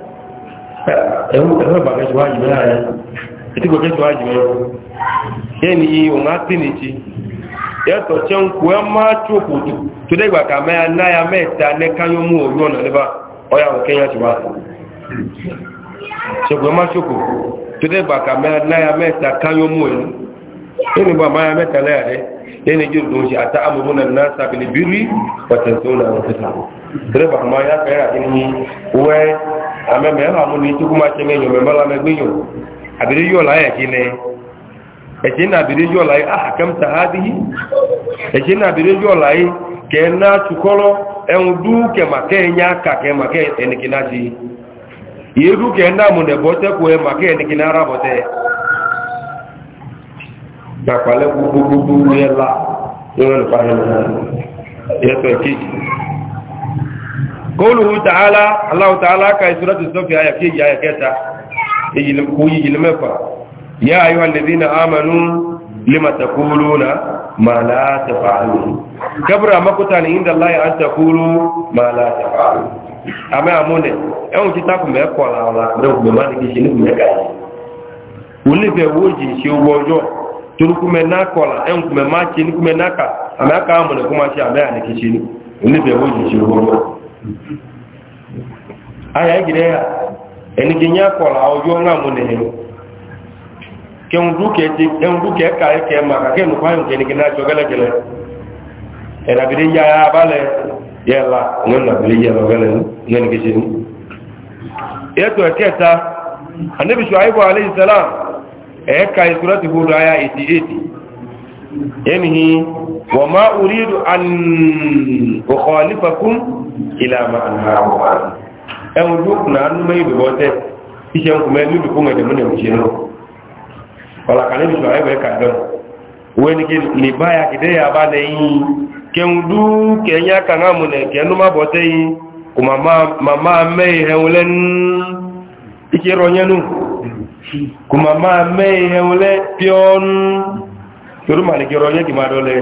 ẹ̀rọ bàbá ṣùgbọ́n àjùmọ́ náà yẹn ètí kò yẹ́tọ̀ tí ń kú ẹ máa tí tó dẹ́gbà kà anáyà mẹ́ta ní káyọ́mú òru ọ̀nà ọ ọ̀yà òkèèyàn ti wá ṣùgbọ́n ẹ máa tí tó dẹ́gbà kà anáyà mẹ́ta káyọ́mú ẹ̀rú yẹn ni bọ́ mẹ́ta amẹ́mẹ́ ẹ̀rọ àwọn oníṣẹ́kú máa ṣe mẹ́yìn mẹ́mọ́ la mẹ́gbẹ́yìn àbírí yóò láyà kí ni ẹ̀ṣẹ́ náà àbírí yóò láyé ah, àkẹ́mta ádì ẹ̀ṣẹ́ náà àbírí yóò láyé kẹ́ẹ̀ná tukọ́lọ́ ẹ̀hún dúkẹ̀mà kẹ́ẹ̀yà kàkẹ́mà kẹ́ẹ̀nìkìná ti yìí dúkẹ̀ẹ́ná mùnẹ̀bọ́tẹ́kù ẹ̀mà قوله تعالى الله تعالى كاي سوره الصف يا يكي يا يكتا يجلم كوي يجلم يا ايها الذين امنوا لما تقولون ما لا تفعلون كبر مقتا عند الله ان تقولوا ما لا تفعلون اما امونه اون تي تاكو مي كو لا لا دو ما دي شي ني مي كاي ولي بي وجي شي وجو تركو مي نا كولا اون كو مي ما شي ني كو مي ناكا اما كا امونه كو ما شي اما ني كي شي ني ولي بي وجي شي وجو aya gire ya enige nya kola ojo nga munene ke nduke ti nduke ka e ke ma ka ke nkwa nke ni kina jogele gele era e bidin ya ya bale yela na bidin ya gele ngani e ke to yeto eketa anabi shuaibu alayhi salam eka surati hud aya 88 yani wa ma uridu an ukhalifakum ila ma n'ahụ. wa an ẹ̀wọ̀n tó kùnà ánú mẹ́yìn bẹ̀bọ̀ tẹ́ iṣẹ́ nkùnmọ́ ẹni lùkú ń ẹ̀dẹ̀mú nẹ̀mú ṣe náà ọ̀là kan ka sọ̀rọ̀ ẹ̀wẹ̀ kàdán wọ́n ya kìdẹ́ na bá lẹ́yìn kẹun dú kẹyìn akàngá mu nẹ̀ kẹnu yi bọ̀ tẹ́yìn kò màmá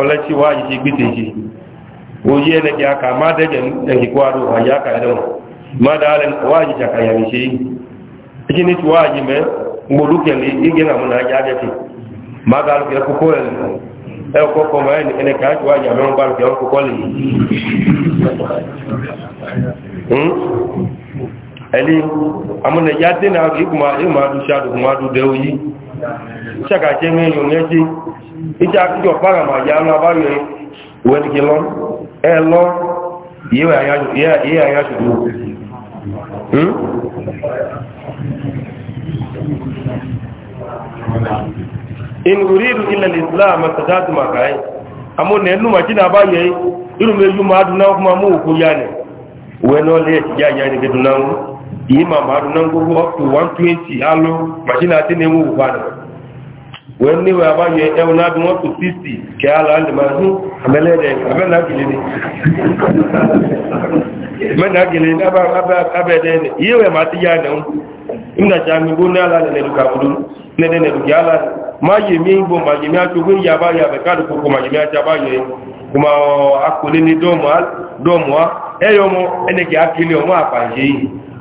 ọlẹ́tí wá yìí ṣe gbíte ṣe oyé ẹnẹ́kì aka má dẹ́gẹ̀ ẹnẹ́kì kó àrò àyà aka ẹ̀dọ̀n má dáálẹ̀ wá yìí ṣàkàyà mi ṣe yìí ẹjì ní ti wá yìí mẹ́ gbólúkẹ̀lẹ̀ igé nà múnà ajá dẹ́kì má gálùkẹ́ kókó ẹ̀ ẹ̀kọ́ kọ́ mọ́ ẹnẹ́kì àti wá yìí àmẹ́rún gálùkẹ́ kókó lè hmm? ẹ̀lí àmúnà ìjà àkíjọ fara mà yà lọ e ya, ìwé ní kí lọ ẹ lọ yíwẹ àyà ṣùgbọ́n in uridu illa al-islam sadatu ma kai amun ne numa kina ba yayi iru me yu ma dunan kuma mu ya ne we no ya yi ma 120 alo machine atene mu ba wọ́n ní wọ́n abáyẹ ẹwọ́n náà bí wọ́n tó títì kẹ́ aláàlẹ̀ máa hún àmẹ́lẹ́rẹ̀ abẹ́nàgìlẹ̀ ni mẹ́nàgìlẹ̀ ni abẹ́ẹ̀dẹ́ ni iye wẹ̀ máa ti yá ẹ̀nà ìmìnàjá mi bó ní aláàlẹ̀ nẹ̀dùkà àbúrú nẹ́dẹ̀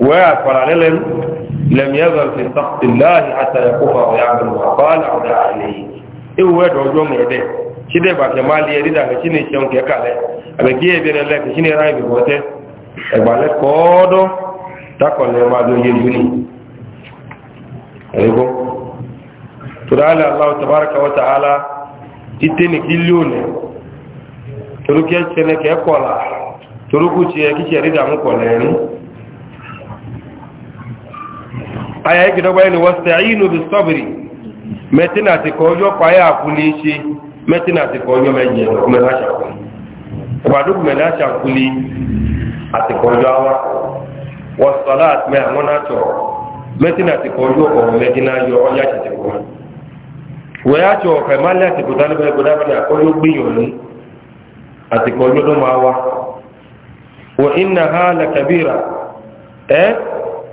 ويعفر على لم لم يزل في سخط الله حتى يقوم ويعمل ما قال او دعا اليه ايه ويدعو جوم يده شده باك ما لي يريد ان شيني شون كيكاله ابي كي بين لك شيني راي بوته اغبال كودو تاكو لي ما دو يجوني ايغو تدعى الله تبارك وتعالى تتني كيلون تركي سنه كيكولا تركو تشي كيشي ريدا مكو لين aya gida dogba ni wasta'inu bis sabri metina ti ko yo pa ya metina ti ko yo meje ko me lasha ko wa du me lasha kuli ati ko awa was salat me amona to metina ti ko ko metina o ya ti ya ti ni wa eh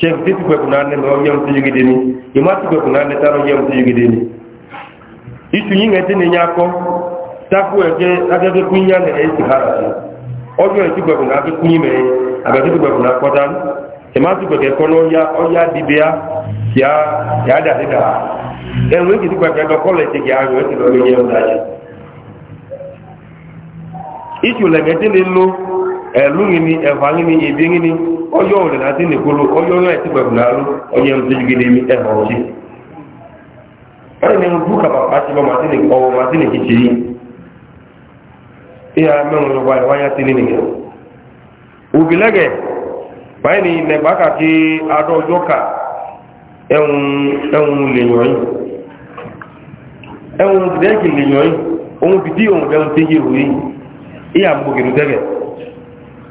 sheikh ti tukwe kuna ne no yam ti yugi deni ima tukwe kuna ne taro yam ti yugi deni itu yinga ti ne nyako taku eke ake ke kunya ne esi hara ti ojo e tukwe kuna ake kunyi me aga ti tukwe kuna kotan ima e tukwe ke kono ya oya dibia ya ya da da en we ki tukwe ke do kole ti ya yo ti do yam da itu lenge ti ne lo ẹlúnyini ẹfanyini ìbíyini ọjọ òde náà ti nìkolo ọjọ náà ti gbẹgbẹ náà ló ọjọ ẹnu tójú gidi mi ẹhọ ọjì ẹni bú kaba pàṣẹ bọ màtí ní ọwọ màtí kìkì yìí ìyá wáyé wáyé ti ní nìyẹn òbílẹgẹ báyìí nẹgbà kàkí ká lèyàn yìí dẹkì lèyàn yìí ohun fìdí ohun ìyá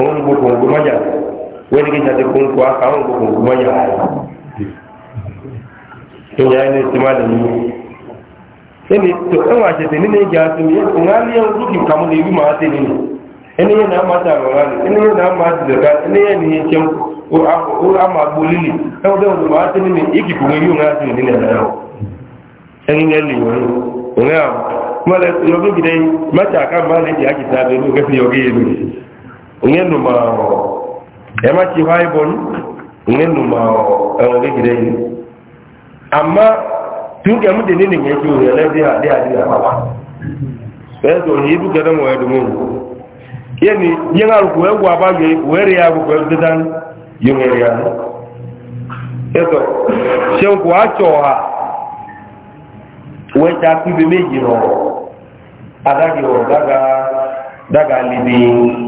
òun gbogbo ògùn mọ́jà wẹ́n kí jáde kó ń kó aka òun gbogbo ògùn mọ́jà rẹ̀ ìyá ẹni tí má lèmi ẹni tó ẹwọn na nínú ìjà tó ní òun na ní ẹwọn tó kì í na lè wí màá tẹ nínú na yẹn náà máa tààrọ̀ rà na ẹni yẹn náà máa tẹ̀lẹ̀ na ẹni yẹn nye numa ọrụ tsi hɔ ayi bɔnu ma numa ɛwɔ kekele yi ama tu de ne ne nye tso yɛ e lɛ de a de a de wa ọrụ. tó yi du kɛnɛ mɔ yɛ dumu yɛ wa ba e ya e de dan ya ko ha daga daga libi.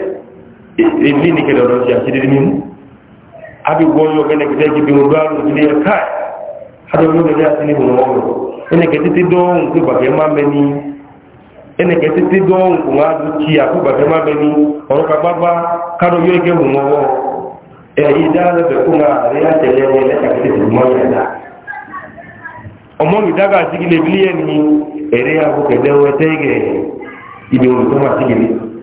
èmi ní kẹlẹ̀ ọ̀rọ̀ ṣe àṣírí mímú àbí wọ́n yọ kẹ́lẹ̀ kẹ́lẹ̀ kí bí wọ́n bá rùn sílé ẹ̀ká àdọ́gbọ́n kẹ́lẹ̀ àti ní ìwọ̀n ọ̀rọ̀ ẹnẹ̀kẹ́ títí dọ́ọ̀hún tó bàbẹ́ má mẹ́ni ẹnẹ̀kẹ́ títí dọ́ọ̀hún kò wá dùn kí àkó bàbẹ́ má ni ọ̀rọ̀ kagbábá kárọ̀ yọ ẹgẹ́ wọ̀n ọwọ́ ẹ̀yí dáadọ́bẹ̀ kó máa rí àtẹ̀lẹ́ ẹ̀lẹ́kàtẹ̀ ìmọ̀ ìyàdá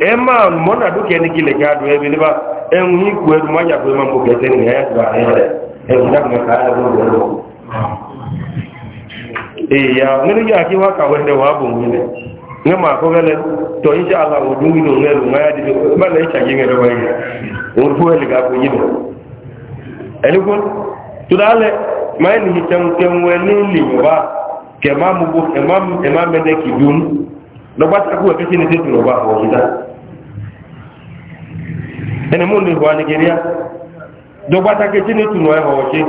ema mona duke ni kile gadu ebi liba enyi kuwe maja ma mambo kete ni ya kwa hele ebu na kumeka haya ya kiwa ka wende ne mwine ngema ko gele to insha Allah o dungi do ngelu ngaya di ba le cha jinga do bayi o fuwe liga ko yido elikon tudale ya. ni ba bu ẹni mú ní ìwà nìgẹ̀ríà dọ́gba takéjì ní ìtùnú ẹ̀họ̀ ọ̀ṣẹ́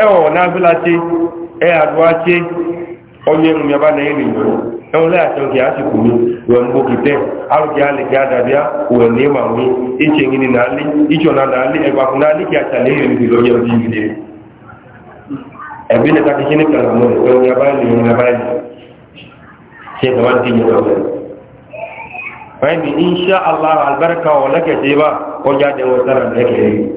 ẹ̀họ̀ náàfíà ṣe ẹ̀ àdúrà ṣe ọyẹ ìrìnàbá náà ìrìn ẹ̀hùn láàṣẹ òkè àṣìkò mi wọ̀n gbò kìtẹ́ àrùkì àlèkè àdàbíà wọ̀n ní ìmà mi ìṣe ìrìn na ṣe e lọ́wọ́ fahimbi insha Allah albarka wa lake ce ba ko ja da wata ran da yake yi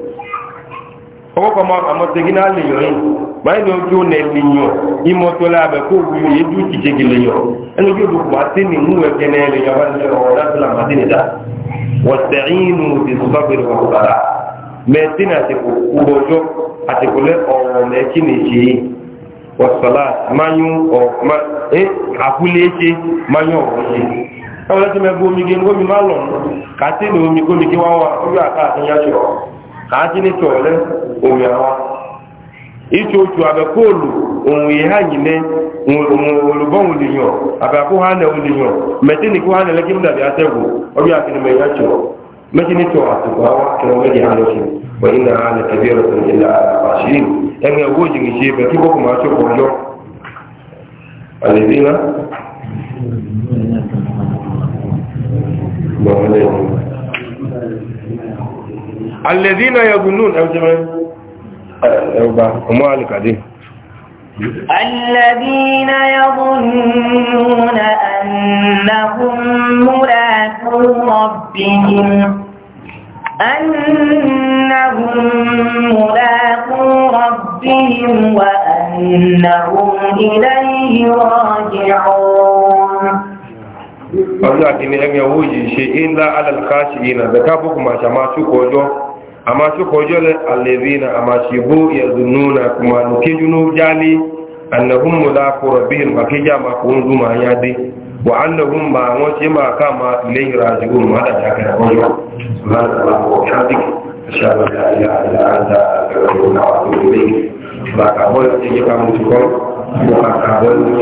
ko kuma a matsayin na le yoyin bai no ju ne ni yo i mo to la be ko wu ye du ti je gile yo en ju du ba tin ni mu e gene le yo ban le o la la ma tin da wasta'inu bis sabr wa sala me tin ati ko u bo jo ati ko o me kini o ma e akule ji ẹwọ́n lẹ́tọ́ mẹ́gbẹ́ omi gé ma máa lọ kàtí ní omi gómi kí wọ́n wá ojú àká àtúnyá ṣọ omi àwa ìtú oṣù àbẹ̀kóòlù òun ìhá yìí ní olùbọ́hùn lè yàn àbẹ̀kó hánẹ̀ òun lè yàn mẹ́tí ní kó hánẹ̀ lẹ́kí mú dàbí atẹ́gùn ojú àkínní mẹ́yà ṣọ mẹ́tí ní tọ̀ àtùkọ̀ àwa owó kí الذين يظنون او جماعه او با هم الذين يظنون انهم ملاقو ربهم أنهم ملاقو ربهم وأنهم إليه راجعون ọjọ́ àti ní ẹgbẹ̀ owó yìí ṣe ilá alàlùkáṣì ìnà bẹ̀kábùkù máa ṣàmá ṣúkọ ọjọ́ àmá ṣúkọ ọjọ́ lẹ àlèrí na àmá ṣìbó yẹ̀dùnú na kùmànù kéjúnú jálé ànàhùn mọ́lá kọ̀rọ̀ bí i màkíjà màkùnrin dé وأنهم ما وسما كما إليه راجعون وهذا شاكر قوله سبحانك اللهم وبحمدك أشهد أن لا إله إلا أنت أستغفرك وأتوب إليك ما كابول تجي كامو تقول ما كابول